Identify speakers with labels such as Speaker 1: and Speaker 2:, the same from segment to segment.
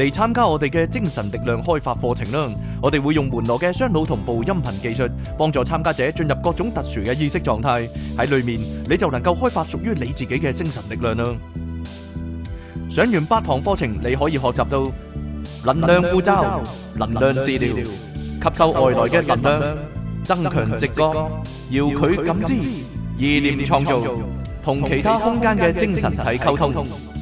Speaker 1: 嚟參加我哋嘅精神力量開發課程啦！我哋會用門羅嘅雙腦同步音頻技術，幫助參加者進入各種特殊嘅意識狀態。喺裡面你就能夠開發屬於你自己嘅精神力量啦！上完八堂課程，你可以學習到能量護罩、能量治療、吸收外來嘅能量、增強直覺、遙距感知、意念創造、同其他空間嘅精神體溝通。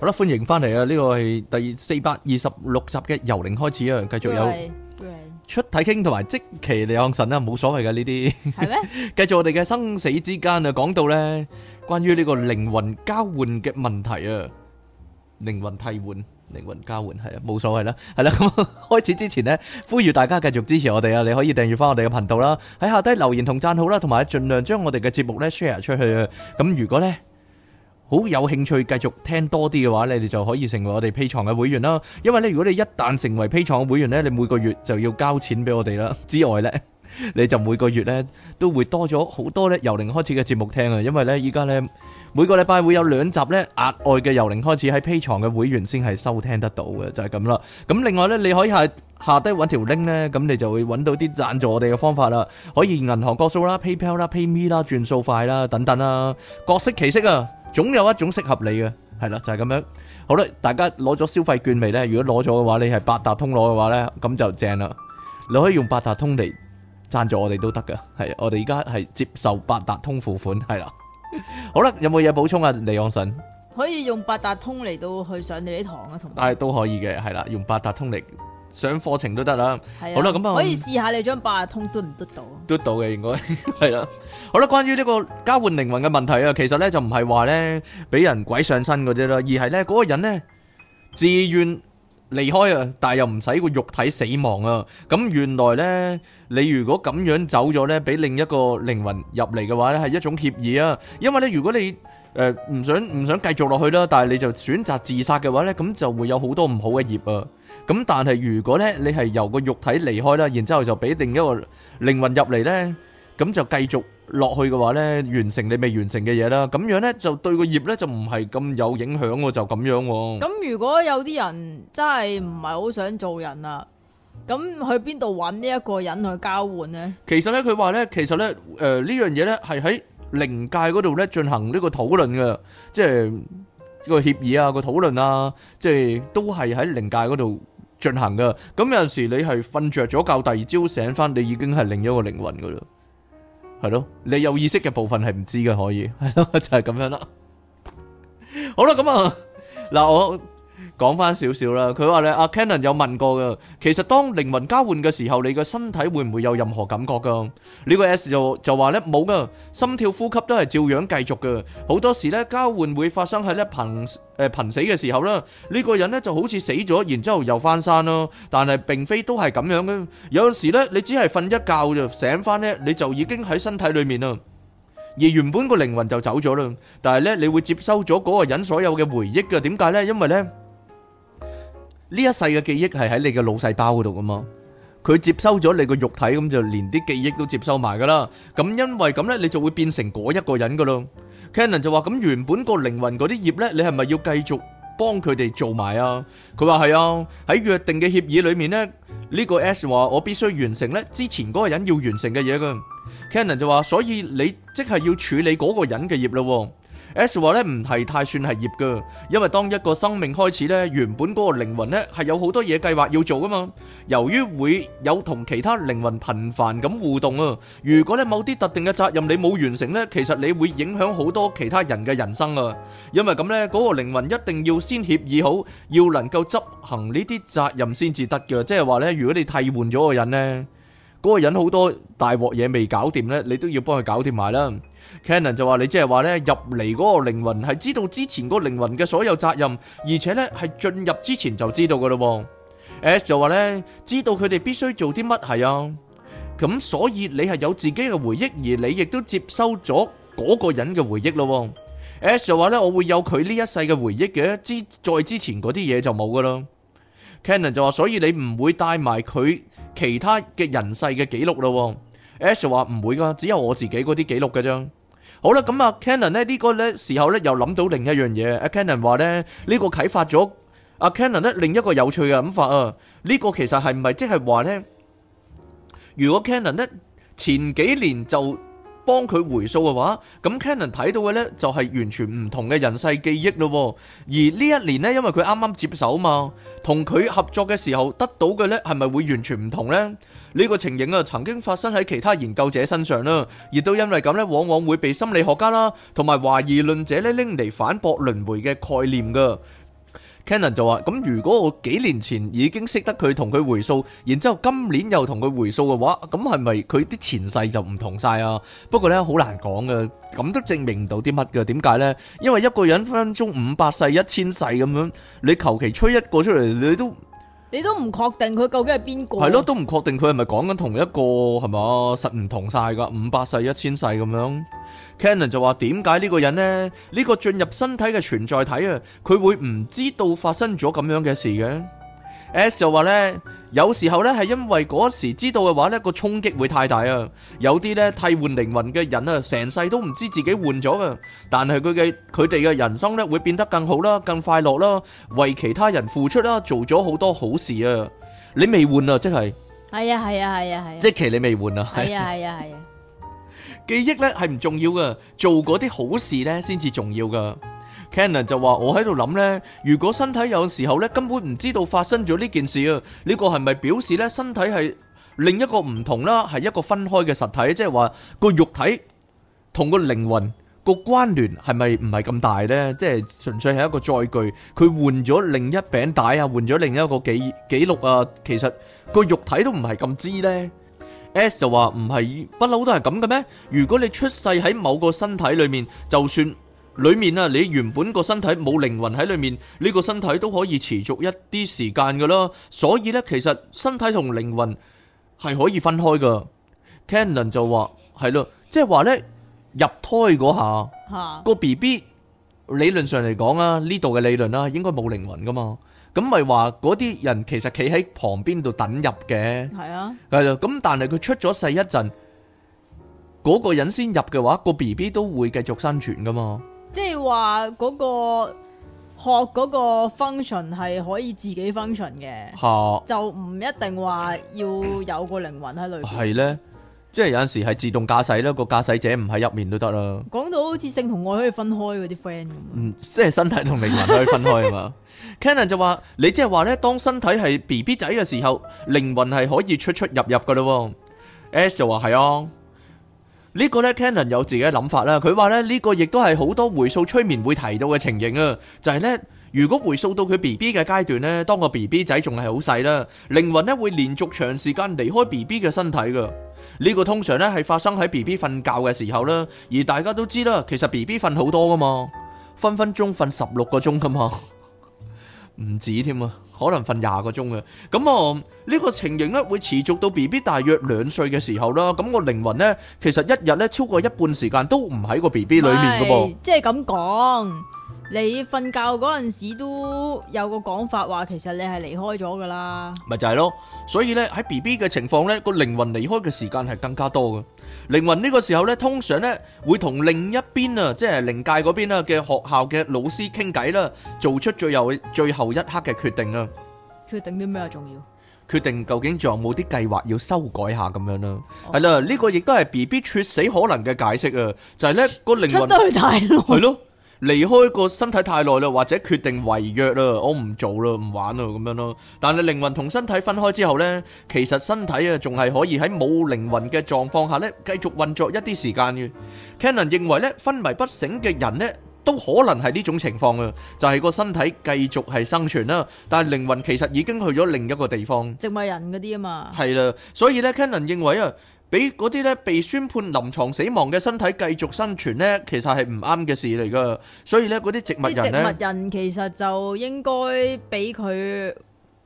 Speaker 1: 好啦，歡迎翻嚟啊！呢個係第四百二十六集嘅由零開始啊，繼續有出體傾同埋即期嚟向神啦，冇所謂嘅呢啲。係咩？繼續我哋嘅生死之間啊，講到咧關於呢個靈魂交換嘅問題啊，靈魂替換、靈魂交換係啊，冇所謂啦，係啦。咁開始之前咧，呼籲大家繼續支持我哋啊！你可以訂閱翻我哋嘅頻道啦，喺下低留言同讚好啦，同埋盡量將我哋嘅節目咧 share 出去啊。咁如果咧？好有興趣繼續聽多啲嘅話，你哋就可以成為我哋 Patreon 嘅會員啦。因為咧，如果你一旦成為 Patreon 嘅會員咧，你每個月就要交錢俾我哋啦。之外咧，你就每個月咧都會多咗好多咧由零開始嘅節目聽啊。因為咧，依家咧每個禮拜會有兩集咧額外嘅由零開始喺 Patreon 嘅會員先係收聽得到嘅，就係、是、咁啦。咁另外咧，你可以喺下低揾條 link 咧，咁你就會揾到啲贊助我哋嘅方法啦，可以銀行過數啦、PayPal 啦、PayMe 啦、轉數快啦等等啦，各式其式啊！總有一種適合你嘅，係啦，就係、是、咁樣。好啦，大家攞咗消費券未呢？如果攞咗嘅話，你係八達通攞嘅話呢，咁就正啦。你可以用八達通嚟贊助我哋都得噶，係我哋而家係接受八達通付款，係啦。 好啦，有冇嘢補充啊？李昂神
Speaker 2: 可以用八達通嚟到去上你啲堂啊，同
Speaker 1: 大係、哎，都可以嘅，係啦，用八達通嚟。上課程都得啦，
Speaker 2: 好啦，咁啊可以試下你張八達通嘟唔嘟到？
Speaker 1: 嘟到嘅應該係啦。好啦，關於呢個交換靈魂嘅問題啊，其實咧就唔係話咧俾人鬼上身嗰啲啦，而係咧嗰個人咧自願離開啊，但係又唔使個肉體死亡啊。咁原來咧你如果咁樣走咗咧，俾另一個靈魂入嚟嘅話咧，係一種協議啊，因為咧如果你。誒，唔想唔想繼續落去啦，但係你就選擇自殺嘅話呢，咁就會有好多唔好嘅業啊。咁但係如果呢，你係由個肉體離開啦，然之後就俾另一個靈魂入嚟呢，咁就繼續落去嘅話呢，完成你未完成嘅嘢啦。咁樣呢，就對個業呢，就唔係咁有影響喎，就咁樣。咁
Speaker 2: 如果有啲人真係唔係好想做人啊，咁去邊度揾呢一個人去交換呢？
Speaker 1: 其實呢，佢話呢，其實呢，誒呢樣嘢呢，係喺。靈界嗰度咧進行呢個討論噶，即係、呢個協議啊，個討論啊，即係都係喺靈界嗰度進行噶。咁有陣時你係瞓着咗覺，第二朝醒翻，你已經係另一個靈魂噶啦，係咯，你有意識嘅部分係唔知嘅，可以係咯，就係、是、咁樣啦。 好啦，咁啊，嗱 我。講翻少少啦，佢話咧阿 Canon 有問過噶，其實當靈魂交換嘅時候，你嘅身體會唔會有任何感覺噶？呢個 S 就就話咧冇噶，心跳呼吸都係照樣繼續噶。好多時咧交換會發生喺咧瀕誒瀕死嘅時候啦，呢個人咧就好似死咗，然之後又翻生咯。但係並非都係咁樣嘅，有陣時咧你只係瞓一覺就醒翻咧，你就已經喺身體裏面啦，而原本個靈魂就走咗啦。但係咧你會接收咗嗰個人所有嘅回憶噶，點解咧？因為咧。呢一世嘅記憶係喺你嘅腦細胞嗰度㗎嘛，佢接收咗你個肉體咁，就連啲記憶都接收埋噶啦。咁因為咁呢，你就會變成嗰一個人噶咯。Cannon 就話：咁原本個靈魂嗰啲業呢，你係咪要繼續幫佢哋做埋啊？佢話係啊，喺約定嘅協議裏面呢，呢、這個 S 話我必須完成呢之前嗰個人要完成嘅嘢噶。Cannon 就話：所以你即係要處理嗰個人嘅業咯。S 話咧，唔係太算係業噶，因為當一個生命開始呢，原本嗰個靈魂呢係有好多嘢，計劃要做噶嘛。由於會有同其他靈魂頻繁咁互動啊，如果呢某啲特定嘅責任你冇完成呢，其實你會影響好多其他人嘅人生啊。因為咁呢，嗰個靈魂一定要先協議好，要能夠執行呢啲責任先至得嘅。即係話呢，如果你替換咗個人呢，嗰個人好多大鑊嘢未搞掂呢，你都要幫佢搞掂埋啦。Cannon 就話，你即係話呢，入嚟嗰個靈魂係知道之前個靈魂嘅所有責任，而且呢係進入之前就知道噶咯。S 就話呢，知道佢哋必須做啲乜係啊，咁所以你係有自己嘅回憶，而你亦都接收咗嗰個人嘅回憶咯。S 就話呢，我會有佢呢一世嘅回憶嘅，再之前嗰啲嘢就冇噶啦。Cannon 就話，所以你唔會帶埋佢其他嘅人世嘅記錄咯。S 就話唔會噶，只有我自己嗰啲記錄噶啫。好啦，咁啊，Canon 咧呢個咧時候咧又諗到另一樣嘢，阿 Canon 話咧呢個啟發咗阿 Canon 咧另一個有趣嘅諗法啊，呢個其實係唔係即係話咧，如果 Canon 咧前幾年就幫佢回溯嘅話，咁 Canon 睇到嘅呢就係完全唔同嘅人世記憶咯。而呢一年呢，因為佢啱啱接手嘛，同佢合作嘅時候得到嘅呢係咪會完全唔同呢？呢個情形啊，曾經發生喺其他研究者身上啦，而都因為咁呢，往往會被心理學家啦同埋懷疑論者呢拎嚟反駁輪迴嘅概念噶。Canon 就話：咁如果我幾年前已經識得佢同佢回數，然之後今年又同佢回數嘅話，咁係咪佢啲前世就唔同晒啊？不過呢，好難講嘅，咁都證明唔到啲乜嘅？點解呢？因為一個人分分鐘五百世、一千世咁樣，你求其吹一個出嚟，你都～
Speaker 2: 你都唔確定佢究竟係邊個？係咯，都
Speaker 1: 唔確定佢係咪講緊同一個係嘛？實唔同晒㗎，五百世一千世咁樣。Canon 就話，點解呢個人呢？呢個進入身體嘅存在體啊，佢會唔知道發生咗咁樣嘅事嘅？S 又話呢，有時候呢係因為嗰時知道嘅話呢個衝擊會太大啊，有啲呢替換靈魂嘅人啊，成世都唔知自己換咗噶，但係佢嘅佢哋嘅人生呢會變得更好啦，更快樂啦，為其他人付出啦，做咗好多好事啊！你未換啊，即係，
Speaker 2: 係啊係啊係啊係，
Speaker 1: 即係其實你未換啊，係啊係啊係，記憶呢係唔重要噶，做嗰啲好事呢先至重要噶。Cannon 就話：我喺度諗呢，如果身體有時候呢根本唔知道發生咗呢件事啊，呢個係咪表示呢身體係另一個唔同啦，係一個分開嘅實體，即係話個肉體同個靈魂個關聯係咪唔係咁大呢？即係純粹係一個載具，佢換咗另一餅帶啊，換咗另一個記記錄啊，其實個肉體都唔係咁知呢。S 就話唔係，不嬲都係咁嘅咩？如果你出世喺某個身體裡面，就算，裏面啊，你原本身，這個身體冇靈魂喺裏面，呢個身體都可以持續一啲時間噶啦。所以呢，其實身體同靈魂係可以分開噶。 Cannon 就話係咯，即係話呢，入胎嗰下，
Speaker 2: 個 B
Speaker 1: B 理論上嚟講啊，呢度嘅理論啦，應該冇靈魂噶嘛。咁咪話嗰啲人其實企喺旁邊度等入嘅，係啊，係 咯。咁但係佢出咗世一陣，嗰、那個人先入嘅話，那個 B B 都會繼續生存噶嘛。
Speaker 2: 即係話嗰個學嗰個 function 係可以自己 function 嘅，啊、就唔一定話要有個靈魂喺裏邊。係
Speaker 1: 咧，即係有陣時係自動駕駛啦，個駕駛者唔喺入面都得啦。
Speaker 2: 講到好似性同愛可以分開嗰啲 friend 咁，
Speaker 1: 即係身體同靈魂可以分開係嘛 ？Canon 就話你即係話咧，當身體係 B B 仔嘅時候，靈魂係可以出出入入噶啦。S 就話係啊。」呢個呢 Canon 有自己嘅諗法啦，佢話呢，呢個亦都係好多回溯催眠會提到嘅情形啊，就係呢，如果回溯到佢 B B 嘅階段呢，當個 B B 仔仲係好細啦，靈魂呢會連續長時間離開 B B 嘅身體噶，呢個通常呢係發生喺 B B 瞓覺嘅時候啦，而大家都知啦，其實 B B 瞓好多噶嘛，分分鐘瞓十六個鐘噶嘛。唔止添啊，可能瞓廿個鐘嘅。咁我呢個情形咧，會持續到 B B 大約兩歲嘅時候啦。咁個靈魂咧，其實一日咧超過一半時間都唔喺個 B B 裏面㗎噃。即
Speaker 2: 係咁講。就是你瞓覺嗰陣時都有個講法話，其實你係離開咗噶啦，
Speaker 1: 咪就係咯。所以咧喺 B B 嘅情況咧，個靈魂離開嘅時間係更加多嘅。靈魂呢個時候咧，通常咧會同另一邊啊，即係靈界嗰邊啊嘅學校嘅老師傾偈啦，做出最後最後一刻嘅決定啊。
Speaker 2: 決定啲咩啊？重要？
Speaker 1: 決定究竟仲有冇啲計劃要修改下咁樣啦。係啦，呢個亦都係 B B 猝死可能嘅解釋啊，就係咧個靈魂出咗去太耐，係咯。離開個身體太耐啦，或者決定違約啦，我唔做啦，唔玩啦，咁樣咯。但係靈魂同身體分開之後咧，其實身體啊，仲係可以喺冇靈魂嘅狀況下咧，繼續運作一啲時間嘅。Cannon 認為咧，昏迷不醒嘅人咧，都可能係呢種情況啊，就係個身體繼續係生存啦，但係靈魂其實已經去咗另一個地方。
Speaker 2: 植物人嗰啲啊嘛，係
Speaker 1: 啦，所以咧，Cannon 認為啊。俾嗰啲咧被宣判臨床死亡嘅身體繼續生存咧，其實係唔啱嘅事嚟噶。所以咧，嗰啲植物人咧，植物
Speaker 2: 人其實就應該俾佢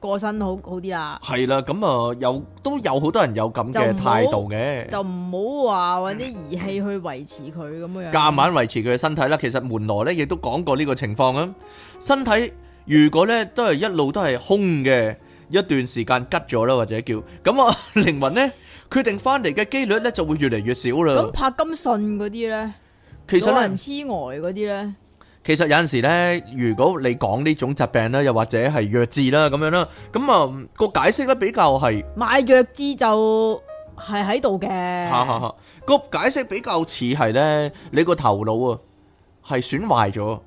Speaker 2: 過身好好啲啦。係
Speaker 1: 啦，咁啊有都有好多人有咁嘅態度嘅，就
Speaker 2: 唔好話揾啲儀器去維持佢咁嘅樣，夾
Speaker 1: 硬維持佢嘅身體啦。其實門羅咧亦都講過呢個情況啦。身體如果咧都係一路都係空嘅一段時間吉咗啦，或者叫咁啊，靈魂咧，決定翻嚟嘅幾率咧就會越嚟越少啦。咁柏
Speaker 2: 金遜嗰啲咧，其實咧痴呆嗰啲咧，
Speaker 1: 其實有陣時咧，如果你講呢種疾病咧，又或者係弱智啦咁樣啦，咁啊個解釋咧比較係，
Speaker 2: 買弱智就係喺度嘅。
Speaker 1: 個解釋比較似係咧，你個頭腦啊係損壞咗，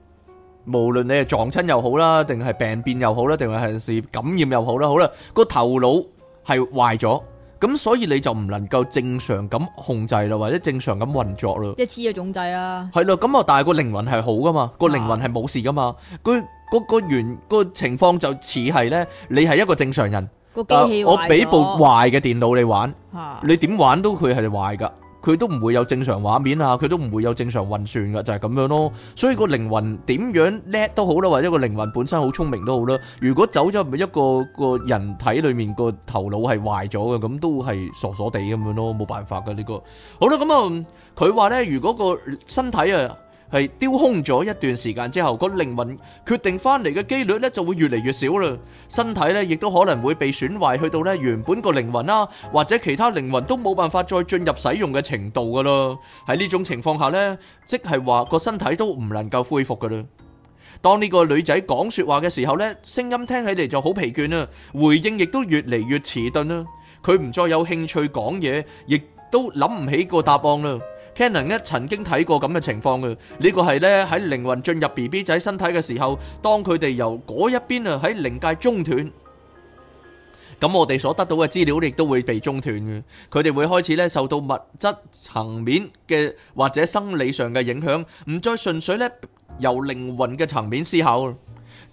Speaker 1: 無論你係撞親又好啦，定係病變又好啦，定係有時感染又好啦，好啦，個頭腦係壞咗。咁所以你就唔能夠正常咁控制啦，或者正常咁運作啦。
Speaker 2: 即黐咗總掣啦。
Speaker 1: 係咯，咁啊，但係個靈魂係好噶嘛，個靈魂係冇事噶嘛。佢嗰個原個情況就似係咧，你係一個正常人。
Speaker 2: 個機器壞、呃、我俾部壞
Speaker 1: 嘅電腦你玩，啊、你點玩都佢係壞噶。佢都唔會有正常畫面啊！佢都唔會有正常運算噶，就係咁樣咯。所以個靈魂點樣叻都好啦，或者個靈魂本身好聰明都好啦。如果走咗入一個個人體裏面，個頭腦係壞咗嘅，咁都係傻傻地咁樣咯，冇辦法嘅呢個。好啦，咁啊，佢話咧，如果個身體啊～係丟空咗一段時間之後，個靈魂決定翻嚟嘅幾率呢，就會越嚟越少啦。身體呢亦都可能會被損壞，去到呢原本個靈魂啦，或者其他靈魂都冇辦法再進入使用嘅程度噶啦。喺呢種情況下呢，即係話個身體都唔能夠恢復噶啦。當呢個女仔講說話嘅時候呢，聲音聽起嚟就好疲倦啦，回應亦都越嚟越遲鈍啦。佢唔再有興趣講嘢，亦都諗唔起個答案啦。Canon 曾經睇過咁嘅情況嘅，呢個係呢，喺靈魂進入 BB 仔身體嘅時候，當佢哋由嗰一邊啊喺靈界中斷，咁我哋所得到嘅資料亦都會被中斷嘅，佢哋會開始呢受到物質層面嘅或者生理上嘅影響，唔再純粹呢由靈魂嘅層面思考。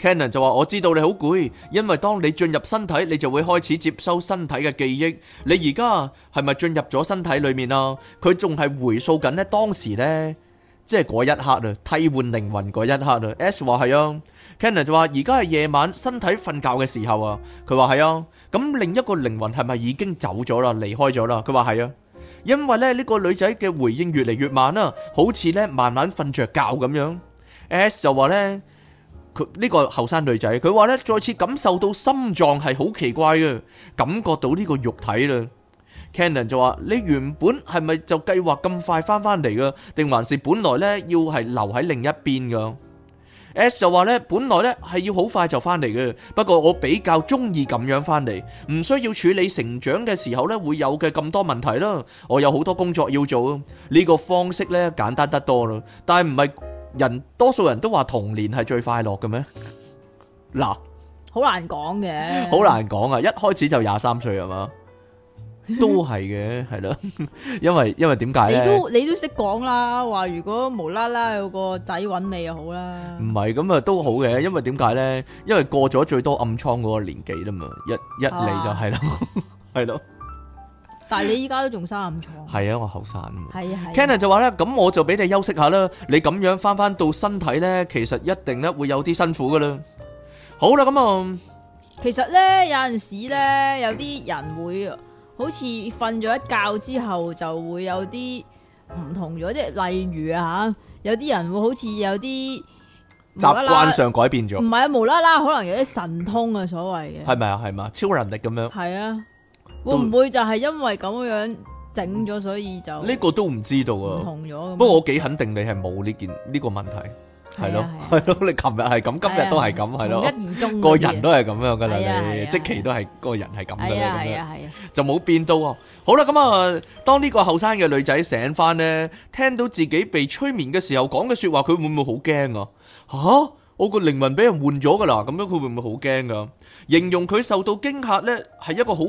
Speaker 1: Canon 就話我知道你好攰，因為當你進入身體，你就會開始接收身體嘅記憶。你而家係咪進入咗身體裏面啊？佢仲係回溯緊咧，當時咧，即係嗰一刻啊，替換靈魂嗰一刻啊。S 話係啊，Canon 就話而家係夜晚身體瞓覺嘅時候啊。佢話係啊，咁另一個靈魂係咪已經走咗啦，離開咗啦？佢話係啊，因為咧呢個女仔嘅回應越嚟越慢啊，好似咧慢慢瞓着覺咁樣。S 就話呢。佢呢個後生女仔，佢話咧再次感受到心臟係好奇怪嘅，感覺到呢個肉體啦。Cannon 就話：你原本係咪就計劃咁快翻翻嚟噶？定還是本來咧要係留喺另一邊噶？S 就話咧：本來咧係要好快就翻嚟嘅，不過我比較鍾意咁樣翻嚟，唔需要處理成長嘅時候咧會有嘅咁多問題啦。我有好多工作要做，呢個方式咧簡單得多啦，但係唔係。人，多數人都話童年係最快樂嘅咩？嗱，
Speaker 2: 好難講嘅，好
Speaker 1: 難講啊！一開始就廿三歲係嘛，都係嘅，係咯， 因為因為點解？你都
Speaker 2: 你都識講啦，話如果無啦啦有個仔揾你又好啦，
Speaker 1: 唔係咁啊都好嘅，因為點解呢？因為過咗最多暗瘡嗰個年紀啦嘛，一一嚟就係咯，係咯、啊。
Speaker 2: 但係你依家都仲卅五
Speaker 1: 歲啊！係 啊，我後生。係啊，Kenner 就話咧，咁 我就俾你休息下啦。你咁樣翻翻到身體咧，其實一定咧會有啲辛苦噶啦。
Speaker 2: 好啦，咁啊，其實咧有陣時咧，有啲人會好似瞓咗一覺之後就會有啲唔同咗，即例如啊嚇，有啲人會好似有啲習慣上改變咗，唔係啊，無啦啦可能有啲神通啊，所謂
Speaker 1: 嘅，係咪啊？係嘛，超能力咁樣。
Speaker 2: 係啊。會唔會就係因為咁樣整咗，所以就呢個
Speaker 1: 都唔知道啊。唔同
Speaker 2: 咗，不過我
Speaker 1: 幾肯定你係冇呢件呢個問題係咯，係咯。你琴日係咁，今日都係咁，係咯，一言中個人都係咁樣噶啦。即期都係個人係咁噶啦，咁樣就冇變到。好啦，咁啊，當呢個後生嘅女仔醒翻咧，聽到自己被催眠嘅時候講嘅說話，佢會唔會好驚啊？吓，我個靈魂俾人換咗噶啦，咁樣佢會唔會好驚噶？形容佢受到驚嚇咧，係一個好。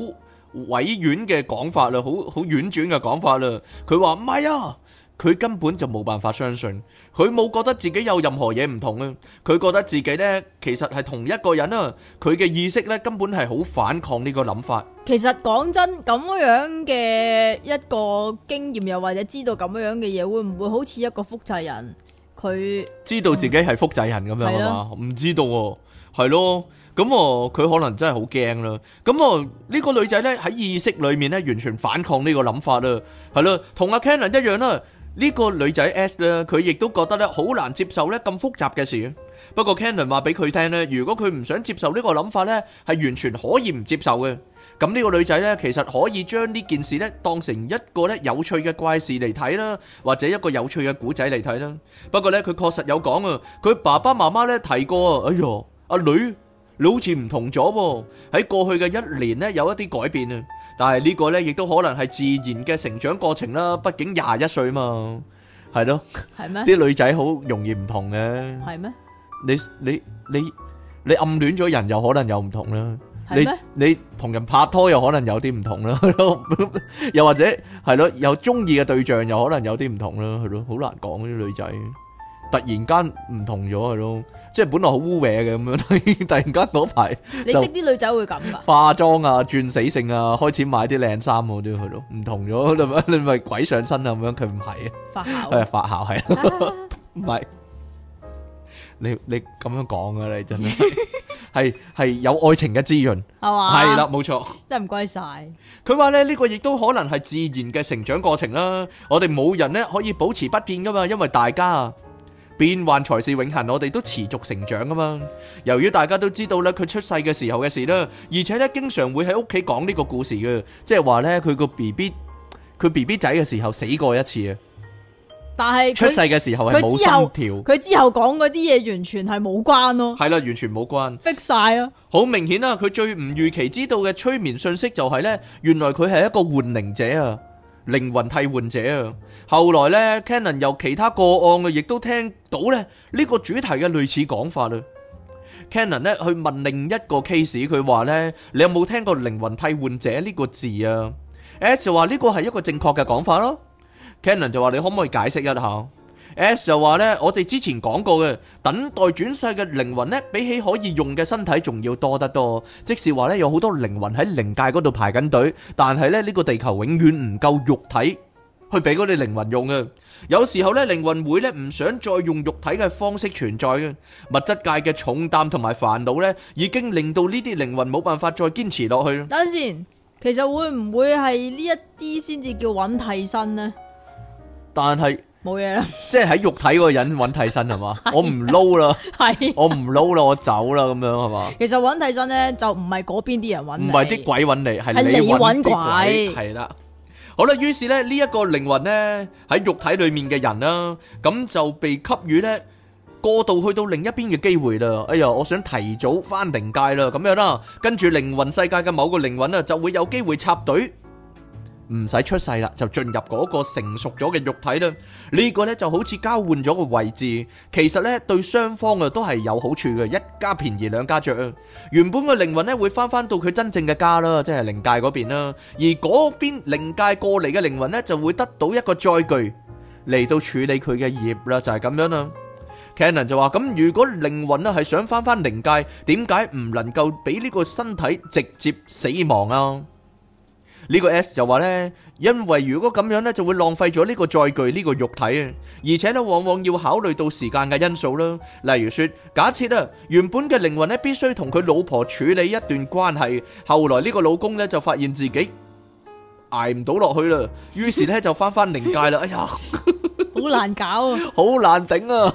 Speaker 1: 委婉嘅講法啦，好好婉轉嘅講法啦。佢話唔係啊，佢根本就冇辦法相信，佢冇覺得自己有任何嘢唔同啊。佢覺得自己呢，其實係同一個人啊。佢嘅意識呢，根本係好反抗呢個諗法。
Speaker 2: 其實講真，咁樣嘅一個經驗又，又或者知道咁樣嘅嘢，會唔會好似一個複製人？佢
Speaker 1: 知道自己係複製人咁樣啊嘛？唔知道喎，啊。係咯，咁啊，佢可能真係好驚啦。咁啊，呢個女仔咧喺意識裏面咧，完全反抗呢個諗法啦。係咯，同阿 Cannon 一樣啦。呢個女仔 S 咧，佢亦都覺得咧好難接受咧咁複雜嘅事。不過 Cannon 話俾佢聽咧，如果佢唔想接受呢個諗法咧，係完全可以唔接受嘅。咁呢個女仔咧，其實可以將呢件事咧當成一個咧有趣嘅怪事嚟睇啦，或者一個有趣嘅故仔嚟睇啦。不過咧，佢確實有講啊，佢爸爸媽媽咧提過啊，哎喲。阿女，你好似唔同咗喎、喔。喺過去嘅一年呢，有一啲改變啊。但係呢個呢，亦都可能係自然嘅成長過程啦。畢竟廿一歲嘛，係咯。
Speaker 2: 啲係咩？ 女仔
Speaker 1: 好容易唔同嘅係咩？你你你你暗戀咗人，又可能又唔同啦。係咩？你同人拍拖又可能有啲唔同啦。 又或者係咯，有中意嘅對象又可能有啲唔同啦。係咯，好難講啲女仔。突然間唔同咗佢咯，即係本來好污歪嘅咁樣，突然間嗰排你識
Speaker 2: 啲女仔會咁噶？
Speaker 1: 化妝啊，轉死性啊，開始買啲靚衫嗰啲，佢咯唔同咗，你咪你咪鬼上身咁樣，佢唔係啊，係發酵係，唔係你你咁樣講噶，你真係係係有愛情嘅滋潤係嘛？係啦，冇錯，
Speaker 2: 真係唔該晒。佢話咧
Speaker 1: 呢個亦都可能係自然嘅成長過程啦。我哋冇人咧可以保持不變噶嘛，因為大家啊。變幻才是永恆，我哋都持續成長㗎嘛。由於大家都知道啦，佢出世嘅時候嘅事啦，而且咧經常會喺屋企講呢個故事嘅，即係話咧佢個 B B 佢 B B 仔嘅時候死過一次啊。
Speaker 2: 但係出世嘅
Speaker 1: 時候係冇心跳，佢
Speaker 2: 之後講嗰啲嘢完全係冇關咯、
Speaker 1: 啊。係啦，完全冇關，
Speaker 2: 逼晒啦。
Speaker 1: 好明顯啦、啊，佢最唔預期知道嘅催眠信息就係咧，原來佢係一個換靈者啊。靈魂替換者啊！後來咧 Cannon 由其他個案嘅亦都聽到咧呢個主題嘅類似講法啦。Cannon 咧去問另一個 case，佢話咧：你有冇聽過靈魂替換者呢個字啊？S 就話呢個係一個正確嘅講法咯。Cannon 就話：你可唔可以解釋一下？S 就話咧，我哋之前講過嘅，等待轉世嘅靈魂咧，比起可以用嘅身體仲要多得多。即是話咧，有好多靈魂喺靈界嗰度排緊隊，但係咧呢個地球永遠唔夠肉體去俾嗰啲靈魂用嘅。有時候咧，靈魂會咧唔想再用肉體嘅方式存在嘅。物質界嘅重擔同埋煩惱咧，已經令到呢啲靈魂冇辦法再堅持落去。等
Speaker 2: 陣先，其實會唔會係呢一啲先至叫揾替身咧？
Speaker 1: 但係。
Speaker 2: 冇嘢啦，即
Speaker 1: 係喺肉體嗰個人揾替身係嘛，我唔撈啦，我唔撈啦，我走啦咁樣係嘛。
Speaker 2: 其實揾替身咧就唔係嗰邊啲人揾，唔係
Speaker 1: 啲鬼揾你，係你揾鬼，係啦。好啦，於是咧呢一個靈魂咧喺肉體裏面嘅人啦，咁就被給予咧過度去到另一邊嘅機會啦。哎呀，我想提早翻靈界啦，咁樣啦，跟住靈魂世界嘅某個靈魂啊，就會有機會插隊。唔使出世啦，就進入嗰個成熟咗嘅肉體啦。呢個呢就好似交換咗個位置，其實呢對雙方啊都係有好處嘅，一家便宜兩家著。原本個靈魂呢會翻翻到佢真正嘅家啦，即係靈界嗰邊啦。而嗰邊靈界過嚟嘅靈魂呢，就會得到一個載具嚟到處理佢嘅業啦，就係咁樣啦。Canon 就話咁，如果靈魂呢係想翻翻靈界，點解唔能夠俾呢個身體直接死亡啊？呢個 S 就話咧，因為如果咁樣咧，就會浪費咗呢個載具呢個肉體啊，而且咧往往要考慮到時間嘅因素啦。例如說，假設啊，原本嘅靈魂咧必須同佢老婆處理一段關係，後來呢個老公咧就發現自己捱唔到落去啦，於是咧就翻翻靈界啦。哎呀，
Speaker 2: 好難搞
Speaker 1: 啊，好難頂啊，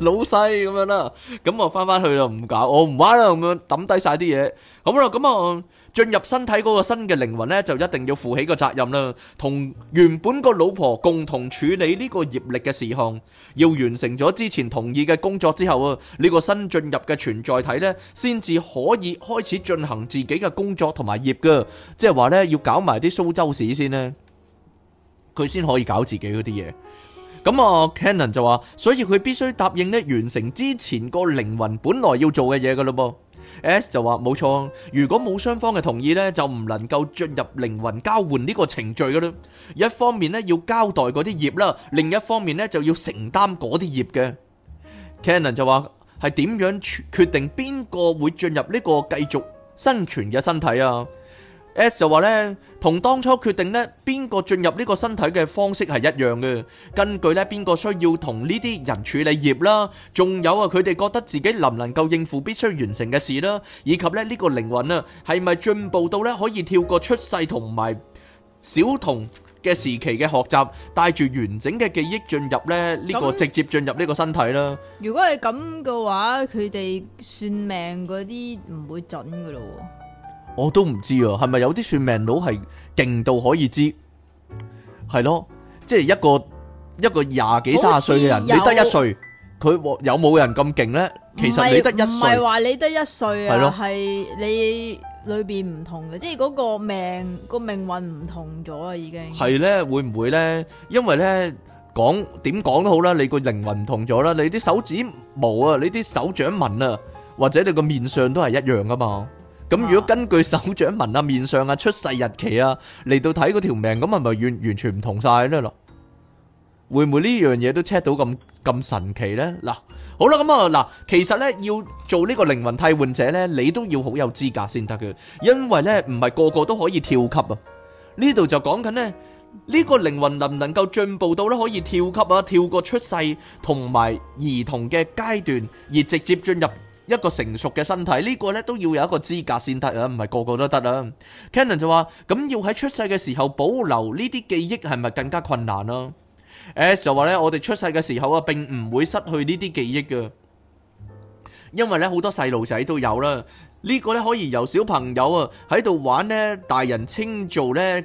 Speaker 1: 老細咁樣啦，咁我翻翻去啦唔搞，我唔玩啦，咁樣抌低晒啲嘢，好啦，咁啊。進入身體嗰個新嘅靈魂呢，就一定要負起個責任啦，同原本個老婆共同處理呢個業力嘅事項，要完成咗之前同意嘅工作之後啊，呢、這個新進入嘅存在體呢，先至可以開始進行自己嘅工作同埋業噶，即係話呢，要搞埋啲蘇州市先呢，佢先可以搞自己嗰啲嘢。咁、嗯、啊，Cannon 就話，所以佢必須答應呢，完成之前個靈魂本來要做嘅嘢噶咯噃。S, S 就話冇錯，如果冇雙方嘅同意呢，就唔能夠進入靈魂交換呢個程序㗎喇。一方面呢，要交代嗰啲業啦，另一方面呢，就要承擔嗰啲業嘅。Canon 就話係點樣決定邊個會進入呢個繼續生存嘅身體啊？S 就話咧，同當初決定咧，邊個進入呢個身體嘅方式係一樣嘅。根據咧，邊個需要同呢啲人處理業啦，仲有啊，佢哋覺得自己能唔能夠應付必須完成嘅事啦，以及咧呢個靈魂啊，係咪進步到咧可以跳過出世同埋小童嘅時期嘅學習，帶住完整嘅記憶進入咧呢個直接進入呢個身體啦。
Speaker 2: 如果係咁嘅話，佢哋算命嗰啲唔會準噶咯。
Speaker 1: 我都唔知啊，係咪有啲算命佬係勁到可以知？係咯，即係一個一個廿幾卅歲嘅人，你得一歲，佢有冇人咁勁咧？其實你得一歲唔係
Speaker 2: 話你得一歲啊，係你裏邊唔同嘅，即係嗰個命個命運唔同咗啊，已經係
Speaker 1: 咧會唔會咧？因為咧講點講都好啦，你個靈魂唔同咗啦，你啲手指毛啊，你啲手掌紋啊，或者你個面相都係一樣噶嘛。咁如果根據手掌紋啊、面上啊、出世日期啊嚟到睇嗰條命，咁係咪完完全唔同晒呢？咯，會唔會呢樣嘢都 check 到咁咁神奇呢？嗱，好啦，咁啊，嗱，其實呢要做呢個靈魂替換者呢，你都要好有資格先得嘅，因為呢唔係個個都可以跳級啊。呢度就講緊呢，呢個靈魂能唔能夠進步到呢可以跳級啊，跳過出世同埋兒童嘅階段而直接進入。一個成熟嘅身體，呢個咧都要有一個資格先得啊，唔係個個都得啦。Cannon 就話：咁要喺出世嘅時候保留呢啲記憶係咪更加困難啦？S 就話咧：我哋出世嘅時候啊，並唔會失去呢啲記憶噶，因為咧好多細路仔都有啦。呢個咧可以由小朋友啊喺度玩咧，大人稱做咧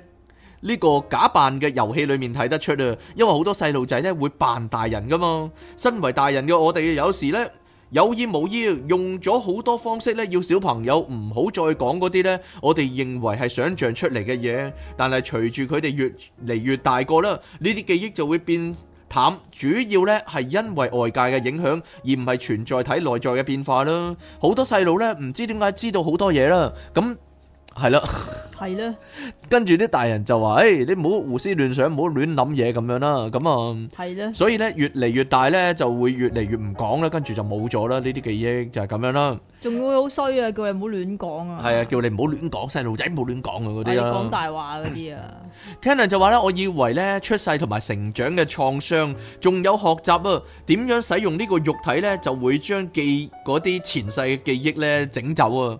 Speaker 1: 呢個假扮嘅遊戲裡面睇得出啊，因為好多細路仔咧會扮大人噶嘛。身為大人嘅我哋有時咧。有意冇意用咗好多方式咧，要小朋友唔好再講嗰啲咧，我哋認為係想象出嚟嘅嘢。但係隨住佢哋越嚟越大個啦，呢啲記憶就會變淡，主要咧係因為外界嘅影響，而唔係存在體內在嘅變化啦。好多細路咧唔知點解知道好多嘢啦，咁。係咯，係咯，跟住啲大人就話：誒，你唔好胡思亂想，唔好亂諗嘢，咁樣啦。咁啊，係
Speaker 2: 咯。所
Speaker 1: 以咧，越嚟越大咧，就會越嚟越唔講啦，跟住就冇咗啦。呢啲記憶就係咁樣啦。
Speaker 2: 仲會好衰啊！叫你唔好亂講啊。
Speaker 1: 係啊，叫你唔好亂講，細路仔唔好亂講啊，嗰啲講大話嗰啲啊。Tanner 就話咧，我以為咧，出世同埋成長嘅創傷，仲有學習啊，點樣使用呢個肉體咧，就會將記嗰啲前世嘅記憶咧整走啊。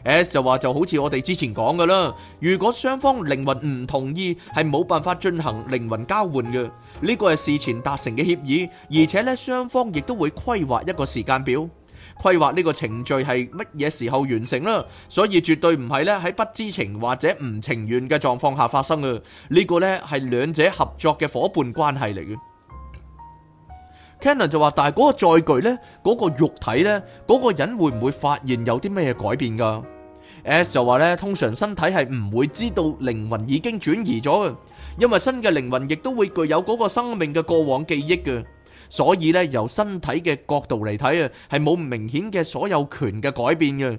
Speaker 1: S, S 就話，就好似我哋之前講嘅啦，如果雙方靈魂唔同意，係冇辦法進行靈魂交換嘅。呢個係事前達成嘅協議，而且咧雙方亦都會規劃一個時間表，規劃呢個程序係乜嘢時候完成啦。所以絕對唔係咧喺不知情或者唔情願嘅狀況下發生嘅。呢個咧係兩者合作嘅夥伴關係嚟嘅。Cannon 就話，但係嗰個載具咧，嗰個肉體咧，嗰個人會唔會發現有啲咩嘢改變㗎？S 就話咧，通常身體係唔會知道靈魂已經轉移咗嘅，因為新嘅靈魂亦都會具有嗰個生命嘅過往記憶嘅，所以咧由身體嘅角度嚟睇啊，係冇唔明顯嘅所有權嘅改變嘅。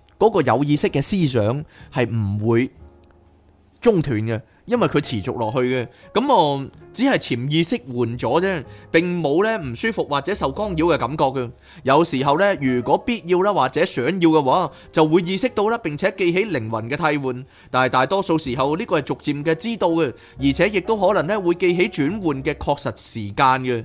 Speaker 1: 嗰個有意識嘅思想係唔會中斷嘅，因為佢持續落去嘅。咁我只係潛意識換咗啫，並冇咧唔舒服或者受干擾嘅感覺嘅。有時候咧，如果必要啦或者想要嘅話，就會意識到啦，並且記起靈魂嘅替換。但係大多數時候呢個係逐漸嘅知道嘅，而且亦都可能咧會記起轉換嘅確實時間嘅。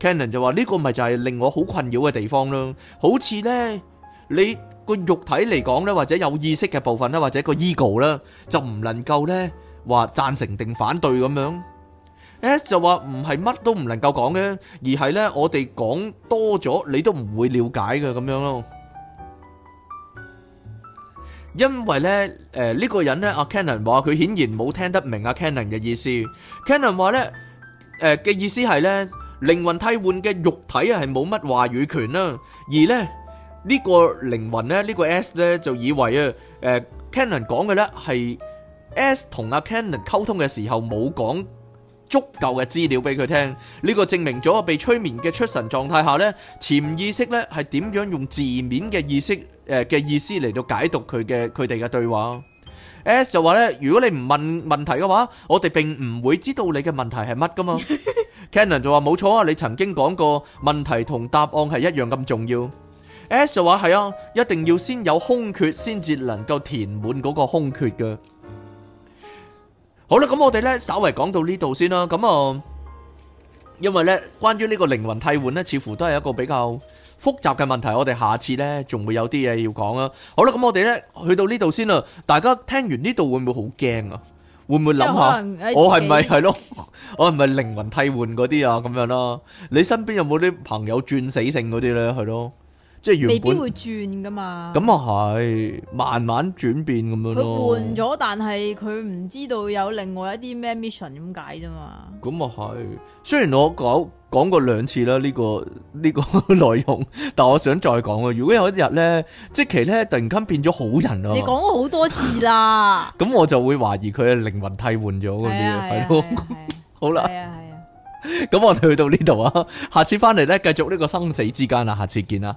Speaker 1: Cannon 就話呢個咪就係令我好困擾嘅地方咯，好似咧你。個肉體嚟講咧，或者有意識嘅部分咧，或者個 ego 咧，就唔能夠咧話贊成定反對咁樣。S 就話唔係乜都唔能夠講嘅，而係咧我哋講多咗，你都唔會瞭解嘅咁樣咯。因為咧，誒呢個人咧，阿 Cannon 話佢顯然冇聽得明阿 Cannon 嘅意思。Cannon 話咧，誒嘅意思係咧，靈魂替換嘅肉體啊，係冇乜話語權啦，而咧。呢個靈魂咧，呢個 S 咧就以為啊，誒 Cannon 講嘅咧係 S 同阿 Cannon 溝通嘅時候，冇講足夠嘅資料俾佢聽。呢個證明咗啊，被催眠嘅出神狀態下咧，潛意識咧係點樣用字面嘅意識誒嘅意思嚟到解讀佢嘅佢哋嘅對話。S 就話咧，如果你唔問問題嘅話，我哋並唔會知道你嘅問題係乜㗎嘛。Cannon 就話冇錯啊，你曾經講過問題同答案係一樣咁重要。S 嘅話係啊，一定要先有空缺，先至能夠填滿嗰個空缺嘅。 好啦，咁我哋呢，稍微講到呢度先啦。咁啊，因為呢，關於呢個靈魂替換呢，似乎都係一個比較複雜嘅問題。我哋下次呢，仲會有啲嘢要講啊。好啦，咁我哋呢，去到呢度先啦。大家聽完呢度會唔會好驚啊？會唔會諗下我係咪係咯？我係咪靈魂替換嗰啲啊？咁樣咯，啊，你身邊有冇啲朋友轉死性嗰啲呢？係咯。即係未必會
Speaker 2: 轉噶嘛？咁
Speaker 1: 啊係，慢慢轉變咁樣咯。佢換咗，
Speaker 2: 但係佢唔知道有另外一啲咩 mission 咁解啫嘛。
Speaker 1: 咁啊係，雖然我講講過兩次啦呢個呢個內容，但我想再講啊。如果有一日咧，即期咧突然間變咗好人啊，你講
Speaker 2: 咗好多次啦，
Speaker 1: 咁 我就會懷疑佢靈魂替換咗嗰啲啊，係咯的， 好啦了，係啊係啊，咁 我哋去到呢度啊，下次翻嚟咧繼續呢個生死之間啊，下次見啦。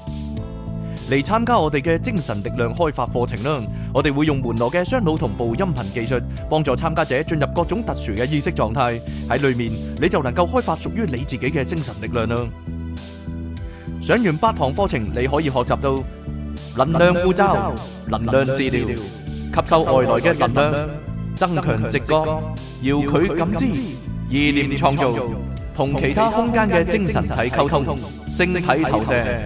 Speaker 1: 嚟參加我哋嘅精神力量開發課程啦！我哋會用門羅嘅雙腦同步音頻技術，幫助參加者進入各種特殊嘅意識狀態。喺裏面你就能夠開發屬於你自己嘅精神力量啦！上完八堂課程，你可以學習到能量護罩、能量治療、吸收外來嘅能量、增強直覺、遙距感知、意念創造、同其他空間嘅精神體溝通、星體投射。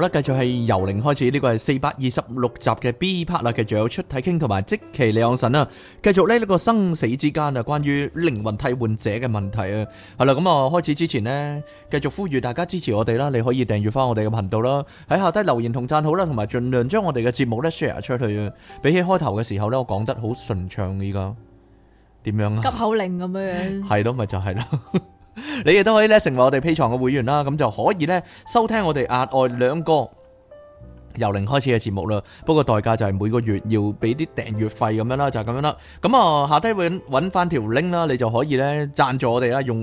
Speaker 1: 好啦，繼續係由零開始，呢個係四百二十六集嘅 B part 啦。繼續有出體傾同埋即期李昂臣啦。繼續咧呢個生死之間啊，關於靈魂替換者嘅問題啊。係、嗯、啦，咁啊開始之前呢，繼續呼籲大家支持我哋啦。你可以訂閱翻我哋嘅頻道啦，喺下低留言同讚好啦，同埋盡量將我哋嘅節目咧 share 出去啊。比起，起開頭嘅時候呢，我講得好順暢，依家點樣啊？急
Speaker 2: 口令咁樣， 係、
Speaker 1: 就、咯、是，咪就係咯。你亦都可以咧成為我哋 P 床嘅會員啦，咁就可以咧收聽我哋額外兩個由零開始嘅節目啦。不過代價就係每個月要俾啲訂閱費咁樣啦，就係、是、咁樣啦。咁、嗯、啊，下低會搵翻條 link 啦，你就可以咧贊助我哋啦，用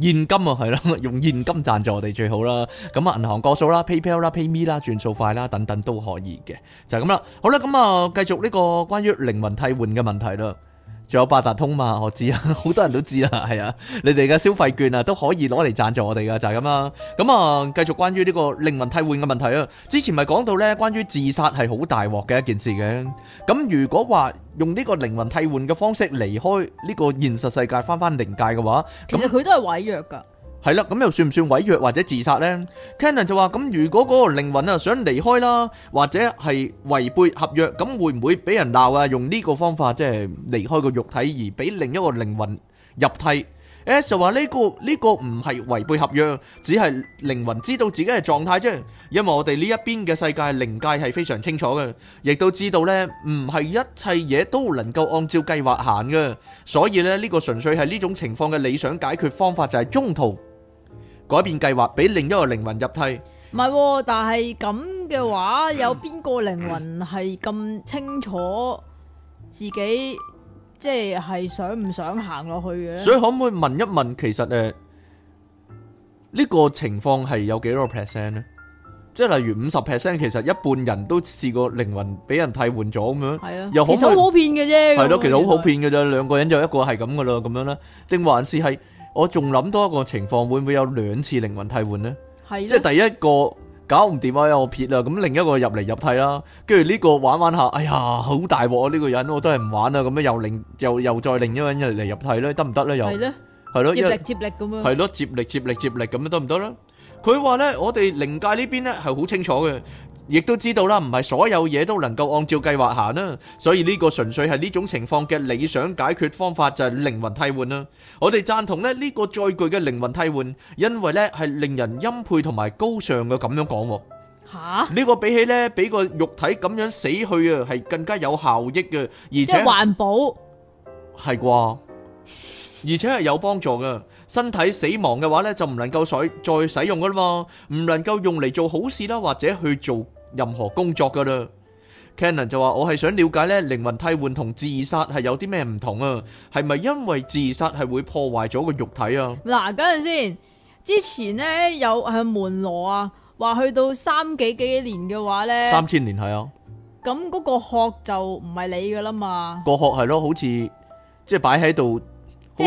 Speaker 1: 現金啊係啦，用現金贊助我哋最好啦。咁、嗯、啊，銀行個數啦，PayPal 啦，PayMe 啦，Pay pal, Pay me，轉數快啦，等等都可以嘅，就係咁啦。好啦，咁、嗯、啊，繼續呢個關於靈魂替換嘅問題啦。仲有八達通嘛，我知啊，好 多人都知啦，係啊，你哋嘅消費券啊都可以攞嚟贊助我哋噶，就係咁啊。咁、嗯、啊，繼續關於呢個靈魂替換嘅問題啊，之前咪講到呢，關於自殺係好大鑊嘅一件事嘅。咁如果話用呢個靈魂替換嘅方式離開呢個現實世界，翻翻靈界嘅話，
Speaker 2: 其實佢都係毀約噶。
Speaker 1: 係啦，咁又算唔算毀約，或者自殺呢？Canon 就話咁，如果嗰個靈魂啊想離開啦，或者係違背合約，咁會唔會俾人鬧啊？用呢個方法即係離開個肉體而俾另一個靈魂入替？S 就話呢個呢個唔係違背合約，只係靈魂知道自己嘅狀態啫。因為我哋呢一邊嘅世界係靈界，係非常清楚嘅，亦都知道呢唔係一切嘢都能夠按照計劃行嘅，所以呢呢個純粹係呢種情況嘅理想解決方法就係中途，改變計劃，俾另一個靈魂入替。
Speaker 2: 唔係，但係咁嘅話，有邊個靈魂係咁清楚自己，即係係想唔想行落去嘅咧？所以
Speaker 1: 可唔可以問一問，其實誒呢個情況係有幾多個 percent 咧？即係例如五十 percent，其實一半人都試過靈魂俾人替換咗咁樣。係啊，又好普
Speaker 2: 遍嘅啫。係咯，其實好好
Speaker 1: 普遍嘅啫。兩個人就一個係咁噶啦，咁樣咧，定還是係？我仲諗多一個情況，會唔會有兩次靈魂替換咧？
Speaker 2: 即係第一
Speaker 1: 個搞唔掂啊，我撇啦。咁另一個入嚟入替啦。跟住呢個玩玩下，哎呀，好大鑊啊！呢個人我都係唔玩啦。咁樣又另又又再另一個人入嚟入替咧，得唔得咧？又係咯，
Speaker 2: 係咯，接力接力咁樣，係
Speaker 1: 咯，接力接力接力咁樣，得唔得咧？佢話呢，我哋靈界呢邊呢係好清楚嘅，亦都知道啦，唔係所有嘢都能夠按照計劃行啦，所以呢個純粹係呢種情況嘅理想解決方法就係靈魂替換啦。我哋贊同呢呢個最具嘅靈魂替換，因為呢係令人欽佩同埋高尚嘅，咁樣講。吓，呢個比起呢俾個肉體咁樣死去啊，係更加有效益嘅，而且環保係啩。而且係有幫助嘅，身體死亡嘅話呢，就唔能夠使再使用噶啦嘛，唔能夠用嚟做好事啦，或者去做任何工作噶啦。Canon 就話：我係想了解呢，靈魂替換同自殺係有啲咩唔同啊？係咪因為自殺係會破壞咗個肉體啊？
Speaker 2: 嗱，等陣先。之前呢，有係門羅啊，話去到三幾幾年嘅話呢，三千年係啊，咁嗰個殼就唔係你嘅啦嘛。
Speaker 1: 個殼係咯，好似即係擺喺度。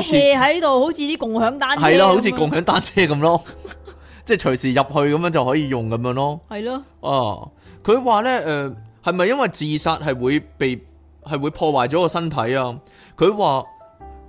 Speaker 2: 即係喺度，好似啲共享單車係咯，好似共享
Speaker 1: 單車咁咯，即係隨時入去咁樣就可以用咁樣咯。係咯，哦，佢話咧，誒，係咪因為自殺係會被係會破壞咗個身體啊？佢話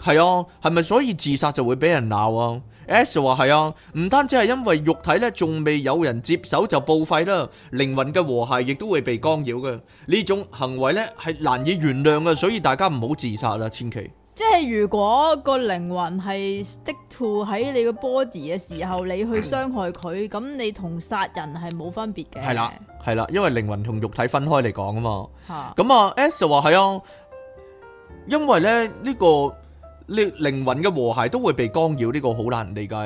Speaker 1: 係啊，係咪所以自殺就會俾人鬧啊？S 話係啊，唔單止係因為肉體咧仲未有人接手就報廢啦，靈魂嘅和諧亦都會被干擾嘅，呢種行為咧係難以原諒嘅，所以大家唔好自殺啦，千祈。
Speaker 2: 即係如果個靈魂係 stick to 喺你個 body 嘅時候，你去傷害佢，咁你同殺人係冇分別嘅。係啦，
Speaker 1: 係啦，因為靈魂同肉體分開嚟講啊嘛。吓。咁啊，S 就話係啊，因為咧呢個。你靈魂嘅和諧都會被干擾，呢個好難理解。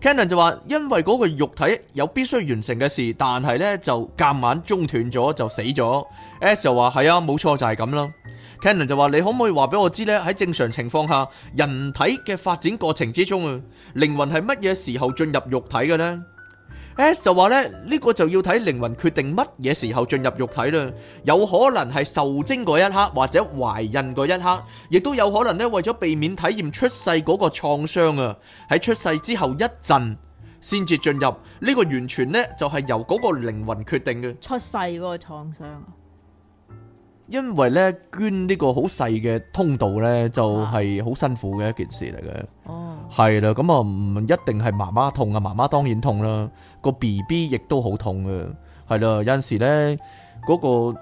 Speaker 1: Cannon 就話：因為嗰個肉體有必須完成嘅事，但係呢就夾硬中斷咗就死咗。S 就話：係啊，冇錯就係咁啦。Cannon 就話：你可唔可以話俾我知呢？喺正常情況下，人體嘅發展過程之中啊，靈魂係乜嘢時候進入肉體嘅呢？S, S 就話咧，呢個就要睇靈魂決定乜嘢時候進入肉體啦，有可能係受精嗰一刻，或者懷孕嗰一刻，亦都有可能咧為咗避免體驗出世嗰個創傷啊，喺出世之後一陣先至進入，呢個完全咧就係由嗰個靈魂決定嘅。
Speaker 2: 出世嗰個創傷啊
Speaker 1: 因為咧捐，呢個好細嘅通道咧，就係好辛苦嘅一件事嚟嘅。哦、啊，係啦，咁啊唔一定係媽媽痛啊，媽媽當然痛啦，個 B B 亦都好痛嘅。係啦，有陣時咧嗰、嗰個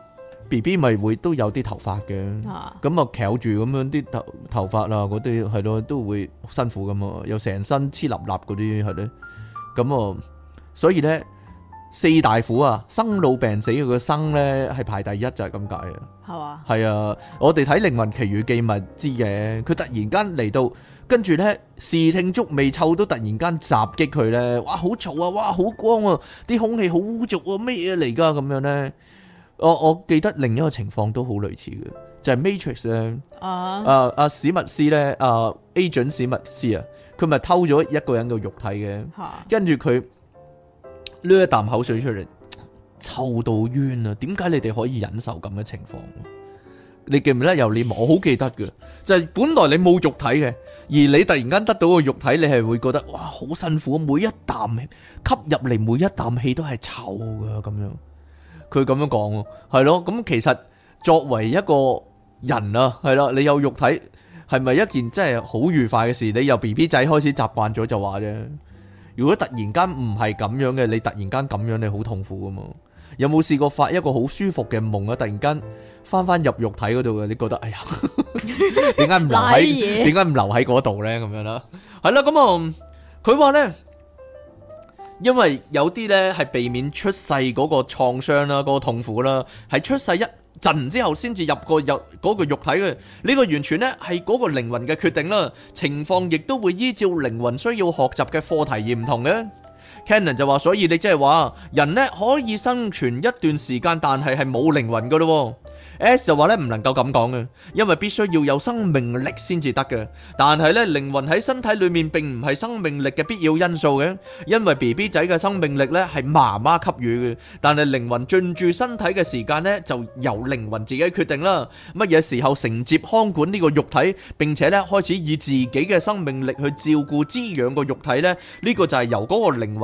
Speaker 1: B B 咪會都有啲頭髮嘅。啊，咁啊翹住咁樣啲頭頭髮啊嗰啲係咯都會辛苦㗎嘛，又成身黐立立嗰啲係咧。咁啊、嗯，所以咧。四大苦啊，生老病死，佢嘅生咧係排第一就係咁解嘅，係嘛？係啊，我哋睇《靈魂奇遇記》咪知嘅，佢突然間嚟到，跟住咧視聽觸味嗅都突然間襲擊佢咧，哇好嘈啊，哇好光啊，啲空氣好污濁啊，咩嘢嚟噶咁樣咧？我我記得另一個情況都好類似嘅，就係 Matrix 咧，啊啊史密斯咧，啊 Agent 史密斯啊，佢咪偷咗一個人嘅肉體嘅，跟住佢。呢一啖口水出嚟，臭到冤啊！點解你哋可以忍受咁嘅情況？你記唔記得由你我好記得嘅，就係本來你冇肉體嘅，而你突然間得到個肉體，你係會覺得哇好辛苦，每一啖吸入嚟每一啖氣都係臭嘅咁樣。佢咁樣講，係咯？咁其實作為一個人啊，係啦，你有肉體係咪一件真係好愉快嘅事？你由 B B 仔開始習慣咗就話啫。如果突然間唔係咁樣嘅，你突然間咁樣你好痛苦㗎嘛！有冇試過發一個好舒服嘅夢啊？突然間翻翻入肉體嗰度嘅，你覺得哎呀，點解唔留喺點解唔留喺嗰度呢？咁樣啦，係啦，咁啊，佢話呢，因為有啲呢係避免出世嗰個創傷啦，嗰個痛苦啦，喺出世一震之後先至入個入嗰個肉體嘅，呢個完全咧係嗰個靈魂嘅決定啦。情況亦都會依照靈魂需要學習嘅課題而唔同嘅。Cannon 就話，所以你即係話人咧可以生存一段時間，但係係冇靈魂噶咯。S 就話咧唔能夠咁講嘅，因為必須要有生命力先至得嘅。但係咧靈魂喺身體裏面並唔係生命力嘅必要因素嘅，因為 BB 仔嘅生命力咧係媽媽給予嘅。但係靈魂進駐身體嘅時間咧就由靈魂自己決定啦。乜嘢時候承接看管呢個肉體，並且咧開始以自己嘅生命力去照顧滋養個肉體咧？呢個就係由嗰個靈魂。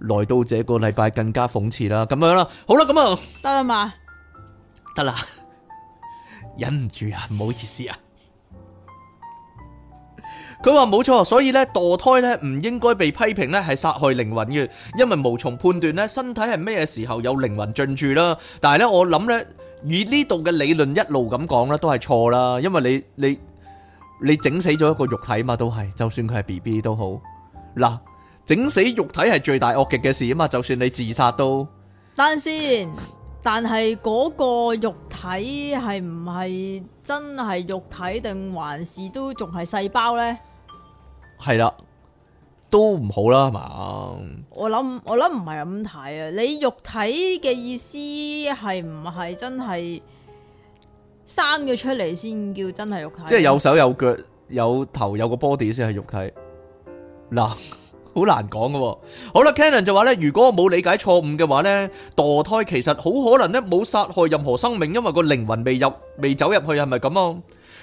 Speaker 1: 來到這個禮拜更加諷刺啦，咁樣啦，好
Speaker 2: 啦，咁啊，得啦嘛，
Speaker 1: 得啦，忍唔住啊，唔好意思啊，佢話冇錯，所以呢墮胎呢唔應該被批評呢係殺害靈魂嘅，因為無從判斷呢身體係咩嘢時候有靈魂進駐啦。但係呢我諗呢，以呢度嘅理論一路咁講呢都係錯啦，因為你你你整死咗一個肉體嘛，都係，就算佢係 BB 都好嗱。整死肉體係最大惡極嘅事啊嘛！就算你自殺都
Speaker 2: 等先，但係嗰個肉體係唔係真係肉體，定還是都仲係細胞呢？
Speaker 1: 係啦，都唔好啦，係嘛？
Speaker 2: 我諗我諗唔係咁睇啊。你肉體嘅意思係唔係真係生咗出嚟先叫真係肉體？即係有手
Speaker 1: 有腳有頭有個 body 先係肉體嗱。好難講噶，好啦，Canon 就話咧，如果我冇理解錯誤嘅話咧，墮胎其實好可能咧冇殺害任何生命，因為個靈魂未入未走入去，係咪咁啊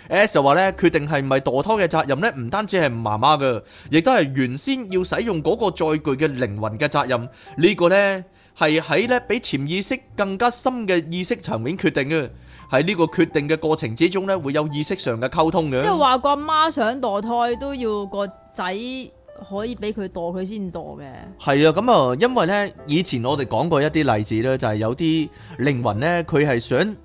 Speaker 1: ？S 就話咧，決定係唔係墮胎嘅責任咧，唔單止係媽媽噶，亦都係原先要使用嗰個載具嘅靈魂嘅責任。呢個咧係喺咧比潛意識更加深嘅意識層面決定嘅，喺呢個決定嘅過程之中咧會有意識上嘅溝通嘅。即係話
Speaker 2: 個媽想墮胎都要個仔。可以俾佢墮，佢先墮嘅。
Speaker 1: 係啊，咁啊，因為呢，以前我哋講過一啲例子、就係、呢，呢，就係有啲靈魂呢，佢係想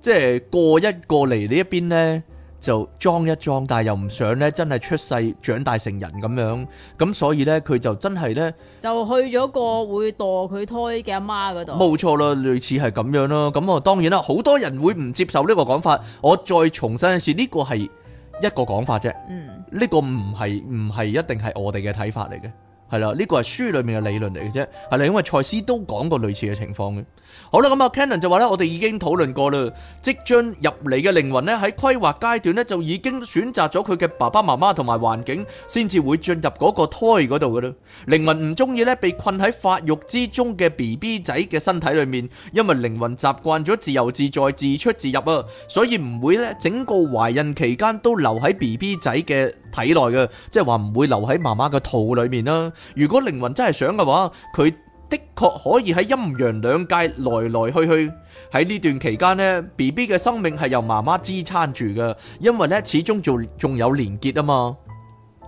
Speaker 1: 即係過一過嚟，呢一邊呢，就裝一裝，但係又唔想呢，真係出世長大成人咁樣，咁所以呢，佢就真係呢，
Speaker 2: 就去咗個會墮佢胎嘅阿媽嗰度。冇
Speaker 1: 錯啦，類似係咁樣咯。咁、嗯、啊，當然啦，好多人會唔接受呢個講法。我再重申一次，呢、呢個係。一個講法啫，嗯，呢個唔係唔係一定係我哋嘅睇法嚟嘅，係啦，呢個係書裡面嘅理論嚟嘅啫，係啦，因為賽斯都講過類似嘅情況嘅。好啦，咁啊 Cannon 就話咧，我哋已經討論過啦，即將入嚟嘅靈魂咧，喺規劃階段咧就已經選擇咗佢嘅爸爸媽媽同埋環境，先至會進入嗰個胎嗰度噶啦。靈魂唔中意咧被困喺發育之中嘅 B B 仔嘅身體裏面，因為靈魂習慣咗自由自在、自出自入啊，所以唔會咧整個懷孕期間都留喺 B B 仔嘅體內嘅，即係話唔會留喺媽媽嘅肚裏面啦。如果靈魂真係想嘅話，佢。的確可以喺陰陽兩界來來去去。喺呢段期間呢，BB 嘅生命係由媽媽支撐住嘅，因為呢始終仲仲有連結啊嘛。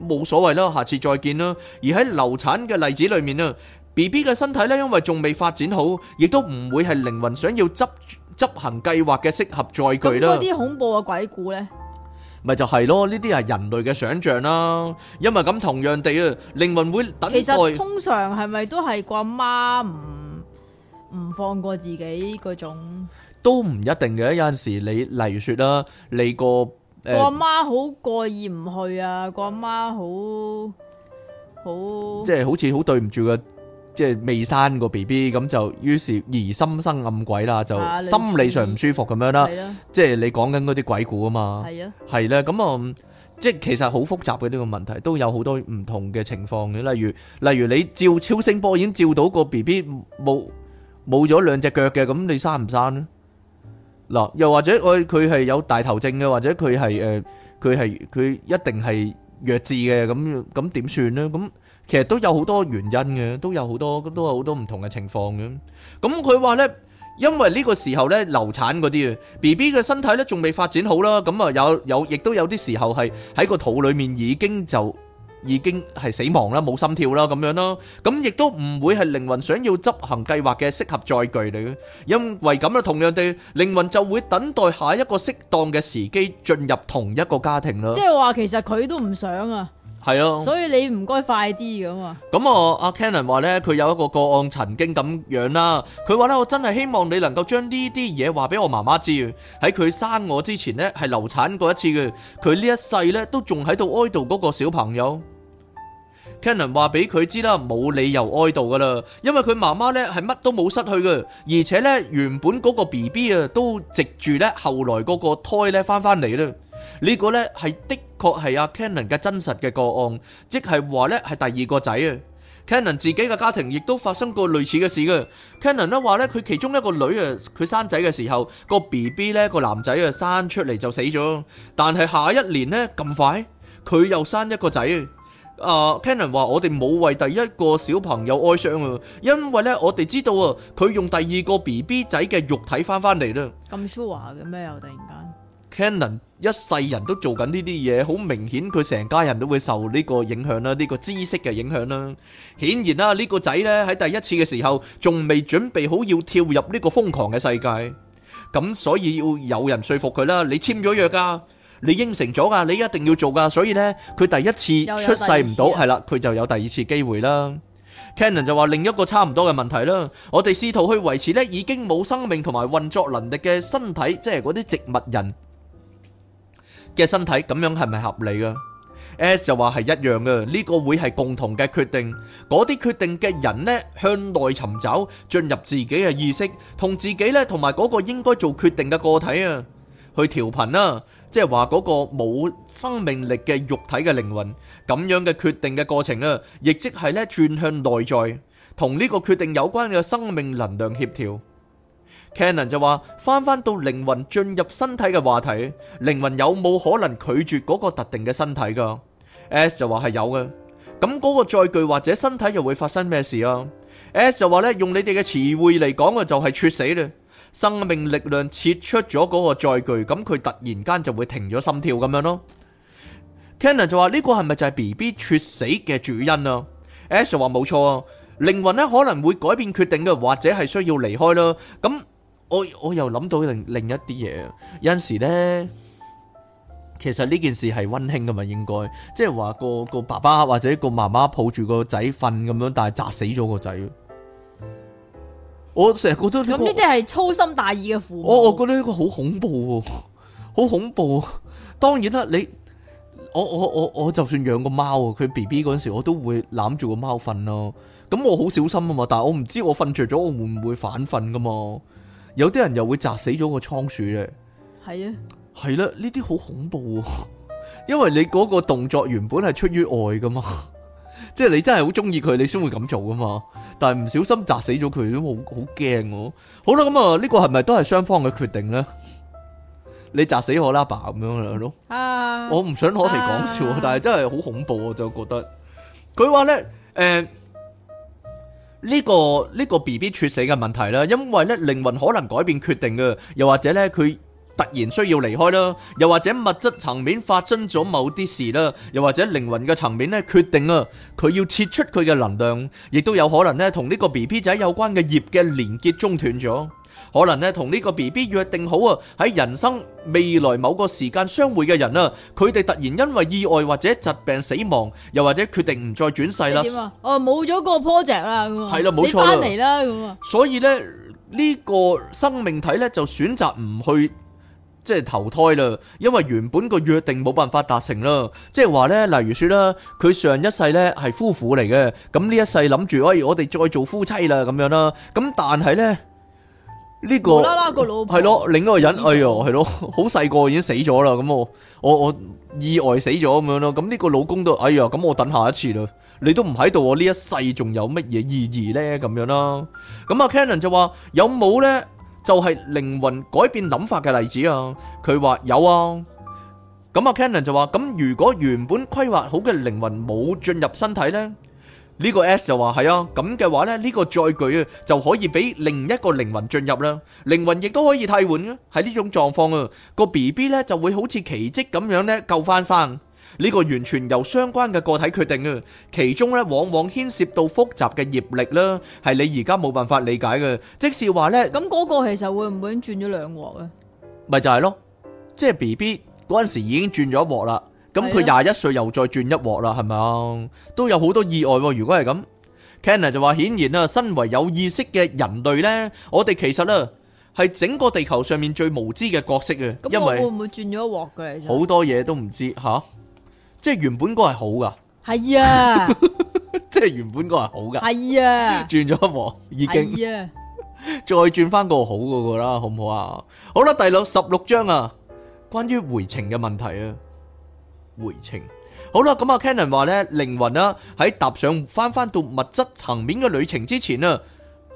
Speaker 1: 冇所謂啦，下次再見啦。而喺流產嘅例子裏面啊，B B 嘅身體咧，因為仲未發展好，亦都唔會係靈魂想要執執行計劃嘅適合載具啦。咁嗰啲
Speaker 2: 恐怖嘅鬼故咧，
Speaker 1: 咪就係咯？呢啲係人類嘅想象啦。因為咁同樣地啊，靈魂會等待。其實通
Speaker 2: 常係咪都係個媽唔唔放過自己嗰種？都
Speaker 1: 唔一定嘅，有陣時你例如說啦，你個。個阿
Speaker 2: 媽好過意唔去啊，個阿媽好好即係好
Speaker 1: 似好對唔住個，即係未生個 B B 咁，就於是疑心生暗鬼啦，就心理上唔舒服咁樣啦，即係你講緊嗰啲鬼故啊嘛，係啊，係啦，咁啊即係其實好複雜嘅呢個問題，都有好多唔同嘅情況嘅，例如例如你照超聲波已經照到個 B B 冇、冇咗兩隻腳嘅，咁你生唔生嗱，又或者佢佢係有大頭症嘅，或者佢係誒佢係佢一定係弱智嘅咁咁點算呢？咁其實都有好多原因嘅，都有好多都有好多唔同嘅情況嘅。咁佢話呢，因為呢個時候呢，流產嗰啲啊，B B 嘅身體呢仲未發展好啦，咁啊有有亦都有啲時候係喺個肚裡面已經就，已經係死亡啦，冇心跳啦，咁樣囉，咁亦都唔會係靈魂想要執行計劃嘅適合載具嚟嘅，因為咁啦，同樣地，靈魂就會等待下一個適當嘅時機進入同一個家庭囉。即
Speaker 2: 係話，其實佢都唔想啊。係咯，啊、所以你唔該快啲嘅嘛？
Speaker 1: 咁啊，阿 Kennen 話咧，佢有一個個案曾經咁樣啦、啊。佢話咧，我真係希望你能夠將呢啲嘢話俾我媽媽知。喺佢生我之前咧，係流產過一次嘅。佢呢一世咧，都仲喺度哀悼嗰個小朋友。Cannon 話俾佢知啦，冇理由哀悼噶啦，因為佢媽媽咧係乜都冇失去嘅，而且咧原本嗰個 B B 啊都藉住咧，後來嗰個胎咧翻翻嚟咧，這個、呢個咧係的確係阿、啊、Cannon 嘅真實嘅個案，即係話咧係第二個仔啊。Cannon 自己嘅家庭亦都發生過類似嘅事嘅。Cannon 咧話咧佢其中一個女啊，佢生仔嘅時候、那個 B B 咧個男仔啊生出嚟就死咗，但係下一年呢咁快佢又生一個仔。啊、uh，Cannon 話我哋冇為第一個小朋友哀傷啊，因為呢，我哋知道啊，佢用第二個 B B 仔嘅肉體翻返嚟啦。
Speaker 2: 咁舒服嘅咩？又突然間
Speaker 1: ，Cannon 一世人都做緊呢啲嘢，好明顯佢成家人都會受呢個影響啦，呢、這個知識嘅影響啦。顯然啦、啊，呢、這個仔呢，喺第一次嘅時候仲未準備好要跳入呢個瘋狂嘅世界，咁所以要有人說服佢啦。你簽咗約㗎、啊。你應承咗㗎，你一定要做㗎，所以呢，佢第一次出世唔到，係啦，佢就有第二次機會啦。Cannon 就話另一個差唔多嘅問題啦，我哋試圖去維持呢已經冇生命同埋運作能力嘅身體，即係嗰啲植物人嘅身體，咁樣係咪合理啊？S 就話係一樣嘅，呢個會係共同嘅決定。嗰啲決定嘅人呢，向內尋找，進入自己嘅意識，同自己呢，同埋嗰個應該做決定嘅個體啊，去調頻啦。即係話嗰個冇生命力嘅肉體嘅靈魂，咁樣嘅決定嘅過程啊，亦即係咧轉向內在，同呢個決定有關嘅生命能量協調。Cannon 就話翻翻到靈魂進入身體嘅話題，靈魂有冇可能拒絕嗰個特定嘅身體㗎？S 就話係有嘅。咁嗰個載具或者身體又會發生咩事啊？S 就話咧用你哋嘅詞彙嚟講嘅就係猝死啦。生命力量撤出咗嗰個載具，咁佢突然間就會停咗心跳咁樣咯。Kenner 就話：呢 個係咪就係 B B 猝死嘅主因啊 ？Ash 話冇錯啊，靈魂咧可能會改變決定嘅，或者係需要離開啦。咁我我又諗到另另一啲嘢，有陣時呢，其實呢件事係温馨嘅嘛，應該即係話個個爸爸或者個媽媽抱住個仔瞓咁樣，但係砸死咗個仔。我成日覺得咁呢啲
Speaker 2: 係粗心大意嘅父母。我我覺
Speaker 1: 得呢個好恐怖喎啊，好恐怖啊。當然啦，你我我我我就算養個貓啊，佢 B B 嗰陣時我都會攬住個貓瞓咯啊。咁我好小心啊嘛，但係我唔知我瞓着咗，我會唔會反瞓噶嘛？有啲人又會砸死咗個倉鼠咧。係啊，係啦，呢啲好恐怖啊，因為你嗰個動作原本係出於愛噶嘛。即係你真係好中意佢，你先會咁做噶嘛？但係唔小心砸死咗佢，啊，這個，都好好驚。好啦，咁啊呢個係咪都係雙方嘅決定呢？你砸死我啦，爸咁樣咯，啊。Uh, 我唔想攞嚟講笑，uh, uh, 但係真係好恐怖。我就覺得佢話咧，誒呢，呃這個呢，這個 B B 猝死嘅問題咧，因為呢靈魂可能改變決定嘅，又或者呢佢。突然需要離開啦，又或者物質層面發生咗某啲事啦，又或者靈魂嘅層面咧決定啊，佢要撤出佢嘅能量，亦都有可能咧同呢個 B B 仔有關嘅業嘅連結中斷咗，可能咧同呢個 B B 約定好啊喺人生未來某個時間相會嘅人啊，佢哋突然因為意外或者疾病死亡，又或者決定唔再轉世，啊、啦。
Speaker 2: 哦，冇咗個 project 啦，係啦，冇錯啦，你翻嚟啦咁啊。
Speaker 1: 所以咧呢、呢個生命體咧就選擇唔去。即係投胎啦，因為原本個約定冇辦法達成啦。即係話咧，例如說啦，佢上一世咧係夫婦嚟嘅，咁呢一世諗住，哎，我哋再做夫妻啦，咁樣啦。咁但係咧呢個係咯，另一個人，哎喲，係咯，好細個已經死咗啦。咁我我我意外死咗咁樣咯。咁呢個老公都，哎呀，咁我等下一次啦。你都唔喺度，我呢一世仲有乜嘢意義咧？咁樣啦。咁阿 Cannon 就話：有冇咧？就係靈魂改變諗法嘅例子啊！佢話有啊，咁啊 Cannon 就話：咁如果原本規劃好嘅靈魂冇進入身體咧，呢個 S 就話係啊，咁嘅話咧，呢個載具啊就可以俾另一個靈魂進入啦。靈魂亦都可以替換啊，喺呢種狀況啊，個 B B 咧就會好似奇蹟咁樣咧救翻生。呢個完全由相關嘅個體決定啊。其中咧往往牽涉到複雜嘅業力啦，係你而家冇辦法理解嘅。即是話呢，
Speaker 2: 咁嗰個其實會唔會轉咗兩鑊啊？
Speaker 1: 咪就係咯，即係 B B 嗰陣時已經轉咗、就是、一鑊啦，咁佢廿一歲又再轉一鑊啦，係咪啊？都有好多意外喎。如果係咁，Kenner 就話：顯然啊，身為有意識嘅人類呢，我哋其實咧係整個地球上面最無知嘅角色啊。因為我會
Speaker 2: 唔會轉咗一鑊嘅？好多
Speaker 1: 嘢都唔知嚇。即係原本個係好噶，係啊！即係原本個係好噶，係啊！轉咗一鑊，已經，係啊，再轉翻個好嗰個啦，好唔好啊？好啦，第六十六章啊，關於回程嘅問題啊，回程。好啦，咁啊，Cannon 話咧，靈魂啊，喺踏上翻翻到物質層面嘅旅程之前啊，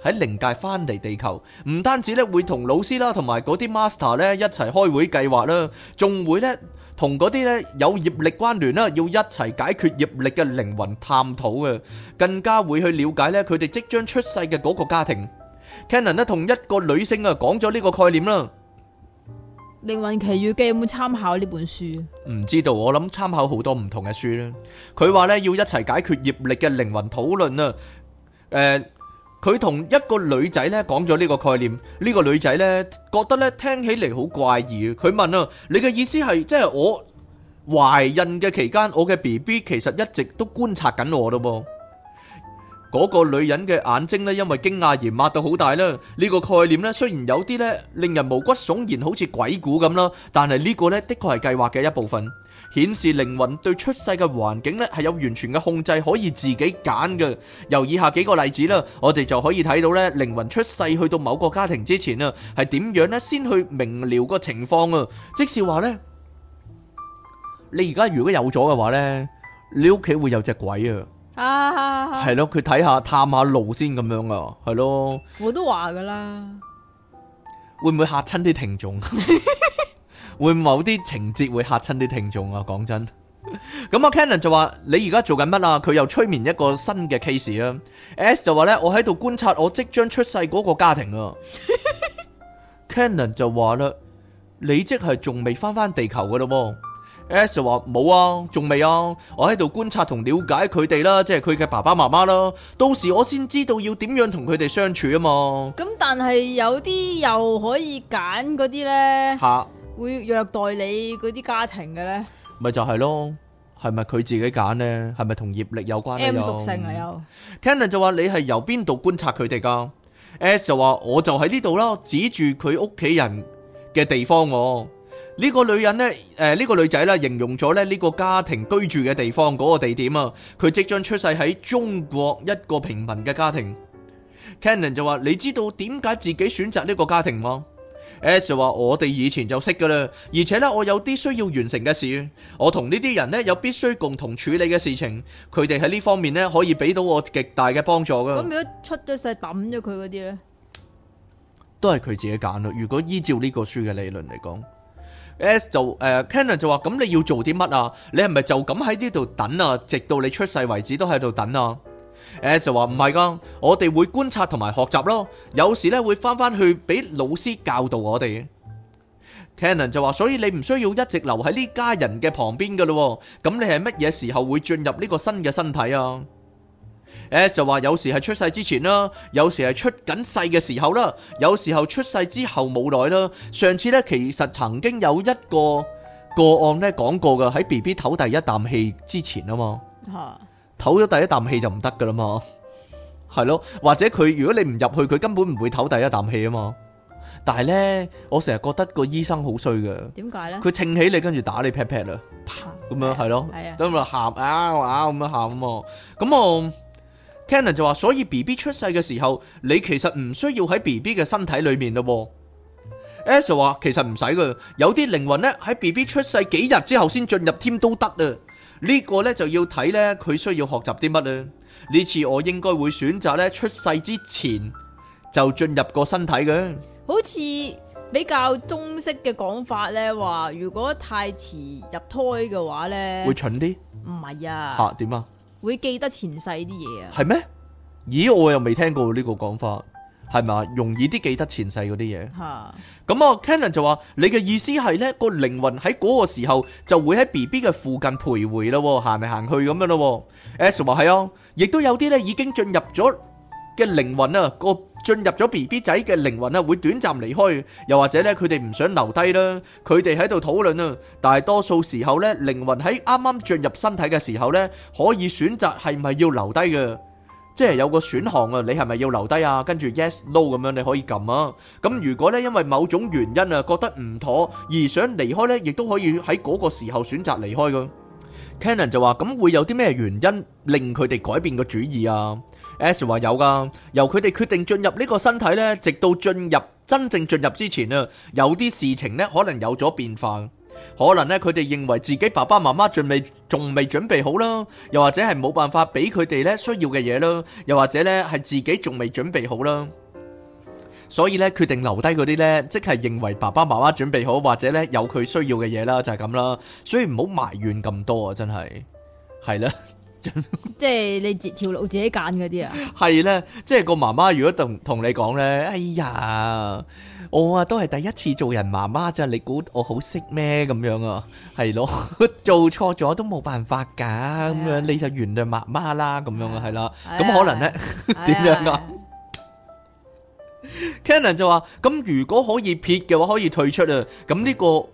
Speaker 1: 喺靈界翻嚟地球，唔單止咧會同老師啦，同埋嗰啲 master 咧一齊開會計劃啦，仲會咧。同嗰啲咧有業力關聯啦，要一齊解決業力嘅靈魂探討嘅，更加會去了解咧佢哋即將出世嘅嗰個家庭。Cannon 咧同一個女性啊講咗呢個概念啦，
Speaker 2: 《靈魂奇遇記》有冇參考呢本書？
Speaker 1: 唔知道，我諗參考好多唔同嘅書啦。佢話咧要一齊解決業力嘅靈魂討論啊，誒。佢同一個女仔咧講咗呢個概念，呢個女仔咧覺得咧聽起嚟好怪異，佢問啊：你嘅意思係即係我懷孕嘅期間，我嘅 BB 其實一直都觀察緊我咯。嗰個女人嘅眼睛咧，因為驚訝而擘到好大啦。呢個概念咧，雖然有啲咧令人毛骨悚然，好似鬼故咁啦，但係呢個咧的確係計劃嘅一部分。顯示靈魂對出世嘅環境呢係有完全嘅控制，可以自己揀嘅。由以下幾個例子啦，我哋就可以睇到呢靈魂出世去到某個家庭之前啊，係點樣呢？先去明了個情況啊！即是話呢，你而家如果有咗嘅話呢，你屋企會有隻鬼啊！
Speaker 2: 啊，係
Speaker 1: 咯，佢睇下探下路先咁樣啊，係咯。
Speaker 2: 我都話噶啦，
Speaker 1: 會唔會嚇親啲聽眾？會某啲情節會吓親啲聽眾啊！講真，咁阿 Cannon 就話：你而家做緊乜啊？佢又催眠一個新嘅 case 啊！S 就話咧：我喺度觀察我即將出世嗰個家庭啊！Cannon 就話啦：你即係仲未翻翻地球噶咯？S 就話冇啊，仲未啊！我喺度觀察同了解佢哋啦，即係佢嘅爸爸媽媽咯。到時我先知道要點樣同佢哋相處啊嘛。
Speaker 2: 咁但係有啲又可以揀嗰啲咧吓。會虐待你嗰啲家庭嘅呢？
Speaker 1: 咪就係咯，係咪佢自己揀呢？係咪同業力有關咧？M 屬性啊，又 Canon 就話你係由邊度觀察佢哋噶？S 就話我就喺呢度啦，指住佢屋企人嘅地方我呢、呢個女人呢，誒、呃、呢、呢個女仔呢形容咗咧呢個家庭居住嘅地方嗰、那個地點啊，佢即將出世喺中國一個平民嘅家庭。Canon 就話你知道點解自己選擇呢個家庭嗎？S, S 就話：我哋以前就識㗎啦，而且呢，我有啲需要完成嘅事，我同呢啲人呢，有必須共同處理嘅事情，佢哋喺呢方面呢，可以俾到我極大嘅幫助㗎。咁如果
Speaker 2: 出咗世揼咗佢嗰啲呢，
Speaker 1: 都係佢自己揀咯。如果依照呢個書嘅理論嚟講，S 就誒、呃，Cannon 就話：咁你要做啲乜啊？你係咪就咁喺呢度等啊？直到你出世為止都喺度等啊？誒就話唔係噶，我哋會觀察同埋學習咯。有時咧會返返去俾老師教導我哋。Tanner 就話：所以你唔需要一直留喺呢家人嘅旁邊噶咯。咁你係乜嘢時候會進入呢個新嘅身體啊？誒就話有時係出世之前啦，有時係出緊世嘅時候啦，有時候出世之後冇耐啦。上次咧其實曾經有一個個案咧講過嘅，喺 BB 唞第一啖氣之前啊嘛。吓。唞咗第一啖氣就唔得噶啦嘛，係咯，或者佢如果你唔入去，佢根本唔會唞第一啖氣啊嘛。但係呢，我成日覺得個醫生好衰㗎。點解呢？佢稱起你，跟住打你 pat pat 啊，啪咁樣係咯，等佢喊啊啊咁樣喊啊。咁我 Cannon 就話：所以 B B 出世嘅時候，你其實唔需要喺 B B 嘅身體裏面咯。Elsa 話：其實唔使嘅，有啲靈魂呢喺 B B 出世幾日之後先進入添都得啊。呢個呢，就要睇呢，佢需要學習啲乜呢？呢次我應該會選擇呢，出世之前就進入個身體嘅。
Speaker 2: 好似比較中式嘅講法呢，話如果太遲入胎嘅話呢，會蠢啲。唔係啊吓？點啊？啊啊會記得前世啲嘢啊？
Speaker 1: 係咩？咦，我又未聽過呢個講法。係咪？容易啲記得前世嗰啲嘢。嚇！咁啊，Cannon 就話：你嘅意思係呢，個靈魂喺嗰個時候就會喺 BB 嘅附近徘徊啦，行嚟行去咁樣咯。Ash 話係啊，亦都有啲呢已經進入咗嘅靈魂啊，個進入咗 BB 仔嘅靈魂啊，會短暫離開，又或者呢佢哋唔想留低啦。佢哋喺度討論啊，大多數時候呢靈魂喺啱啱進入身體嘅時候呢，可以選擇係唔係要留低嘅。即係有個選項啊，你係咪要留低啊？跟住 yes no 咁樣你可以撳啊。咁如果呢，因為某種原因啊，覺得唔妥而想離開呢，亦都可以喺嗰個時候選擇離開㗎。Cannon 就話：咁會有啲咩原因令佢哋改變個主意啊？Ash 話有㗎，由佢哋決定進入呢個身體呢，直到進入真正進入之前啊，有啲事情呢可能有咗變化。可能咧，佢哋認為自己爸爸媽媽仲未仲未準備好啦，又或者係冇辦法俾佢哋咧需要嘅嘢啦，又或者咧係自己仲未準備好啦，所以咧決定留低嗰啲咧，即係認為爸爸媽媽準備好或者咧有佢需要嘅嘢啦，就係咁啦，所以唔好埋怨咁多啊，真係係啦。
Speaker 2: 即係你條路自己揀嗰啲啊？
Speaker 1: 係咧，即係個媽媽如果同同你講咧，哎呀，我啊都係第一次做人媽媽啫，你估我好識咩？咁樣啊，係咯，做錯咗都冇辦法噶，咁樣你就原諒媽媽啦，咁樣啊，係啦，咁可能咧點樣啊？Cannon 就話：咁如果可以撇嘅話，可以退出啊。咁呢個。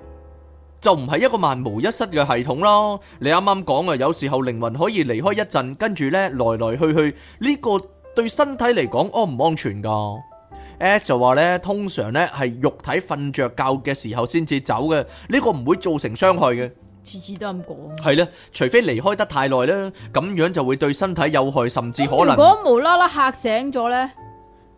Speaker 1: 就唔係一個萬無一失嘅系統咯。你啱啱講啊，有時候靈魂可以離開一陣，跟住咧來來去去，呢個對身體嚟講安唔安全噶？誒，就話咧，通常咧係肉體瞓着覺嘅時候先至走嘅，呢個唔會造成傷害嘅。
Speaker 2: 次次都咁講。係
Speaker 1: 啦，除非離開得太耐啦，咁樣就會對身體有害，甚至可能。如果
Speaker 2: 無啦啦吓醒咗咧，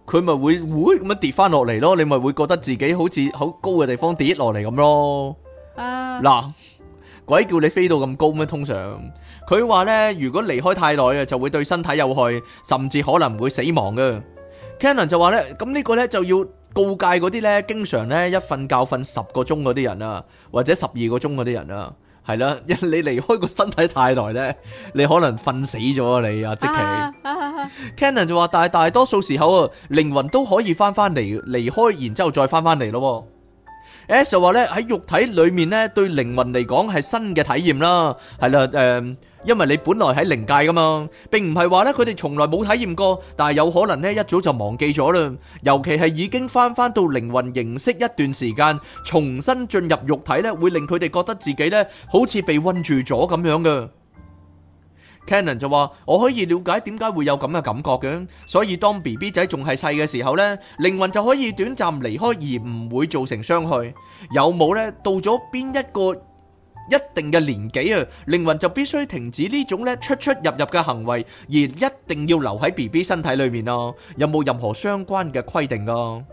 Speaker 1: 佢咪會會咁樣跌翻落嚟咯？你咪會覺得自己好似好高嘅地方跌落嚟咁咯？嗱，鬼、啊、叫你飛到咁高咩？通常佢話咧，如果離開太耐啊，就會對身體有害，甚至可能會死亡噶。Canon 就話咧，咁呢個咧就要告誡嗰啲咧，經常咧一瞓覺瞓十個鐘嗰啲人啊，或者十二個鐘嗰啲人啊，係啦，你離開個身體太耐咧，你可能瞓死咗你啊！即係、啊啊、 Canon 就話，但係大多數時候啊，靈魂都可以翻翻嚟，離開然之後再翻翻嚟咯。S 話咧，喺肉體裏面咧，對靈魂嚟講係新嘅體驗啦，係啦，誒，因為你本來喺靈界噶嘛，並唔係話咧佢哋從來冇體驗過，但係有可能咧一早就忘記咗啦，尤其係已經翻翻到靈魂形式一段時間，重新進入肉體咧，會令佢哋覺得自己咧好似被困住咗咁樣嘅。Canon 就話：我可以了解點解會有咁嘅感覺嘅，所以當 BB 仔仲係細嘅時候呢，靈魂就可以短暫離開，而唔會造成傷害。有冇呢？到咗邊一個一定嘅年紀啊，靈魂就必須停止呢種呢出出入入嘅行為，而一定要留喺 BB 身體裏面啊。有冇任何相關嘅規定啊？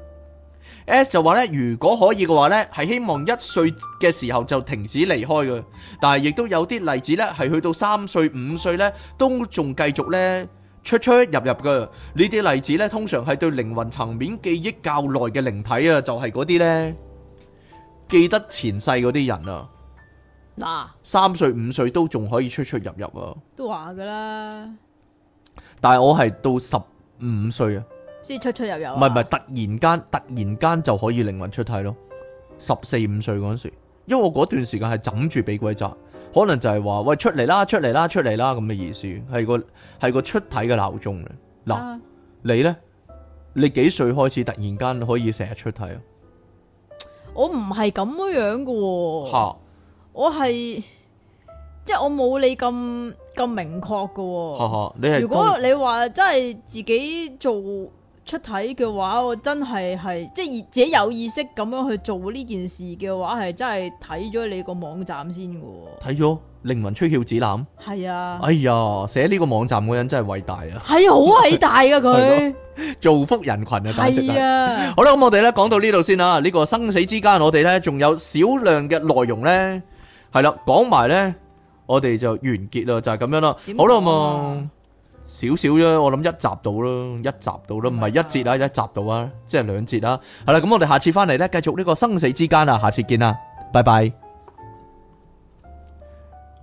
Speaker 1: S, S 就話咧，如果可以嘅話咧，係希望一歲嘅時候就停止離開嘅。但係亦都有啲例子咧，係去到三歲、五歲咧，都仲繼續咧出出入入嘅。呢啲例子咧，通常係對靈魂層面記憶較耐嘅靈體啊，就係嗰啲咧記得前世嗰啲人啊。嗱、啊，三歲五歲都仲可以出出入入啊？
Speaker 2: 都話噶啦。
Speaker 1: 但係我係到十五歲啊。
Speaker 2: 即係出出入入、啊，唔係
Speaker 1: 唔係突然間，突然間就可以靈魂出體咯。十四五歲嗰陣時，因為我嗰段時間係枕住俾鬼扎，可能就係話喂，出嚟啦，出嚟啦，出嚟啦咁嘅意思，係個係個出體嘅鬧鐘啦。嗱，啊、你呢？你幾歲開始突然間可以成日出體啊？
Speaker 2: 我唔係咁樣嘅、哦，哈我係即係我冇你咁咁明確嘅、哦。哈，哈你係如果你話真係自己做。出體嘅話，我真係係即係自己有意識咁樣去做呢件事嘅話，係真係睇咗你個網站先嘅。
Speaker 1: 睇咗《靈魂出竅指南》。
Speaker 2: 係啊。哎
Speaker 1: 呀，寫呢個網站嘅人真係偉大啊！係啊，
Speaker 2: 好偉大噶佢、 啊，
Speaker 1: 造福人群啊簡直。啊。好啦，咁我哋咧講到呢度先啦。呢、這個生死之間，我哋咧仲有少量嘅內容咧，係啦、啊，講埋咧，我哋就完結啦，就係、是、咁樣啦。麼好啦，冇。少少啫，我諗一集到咯，一集到咯，唔係一節啦，一集到啊，即係兩節啦。係啦，咁、 嗯、我哋下次翻嚟咧，繼續呢個生死之間啊，下次見啦，拜拜。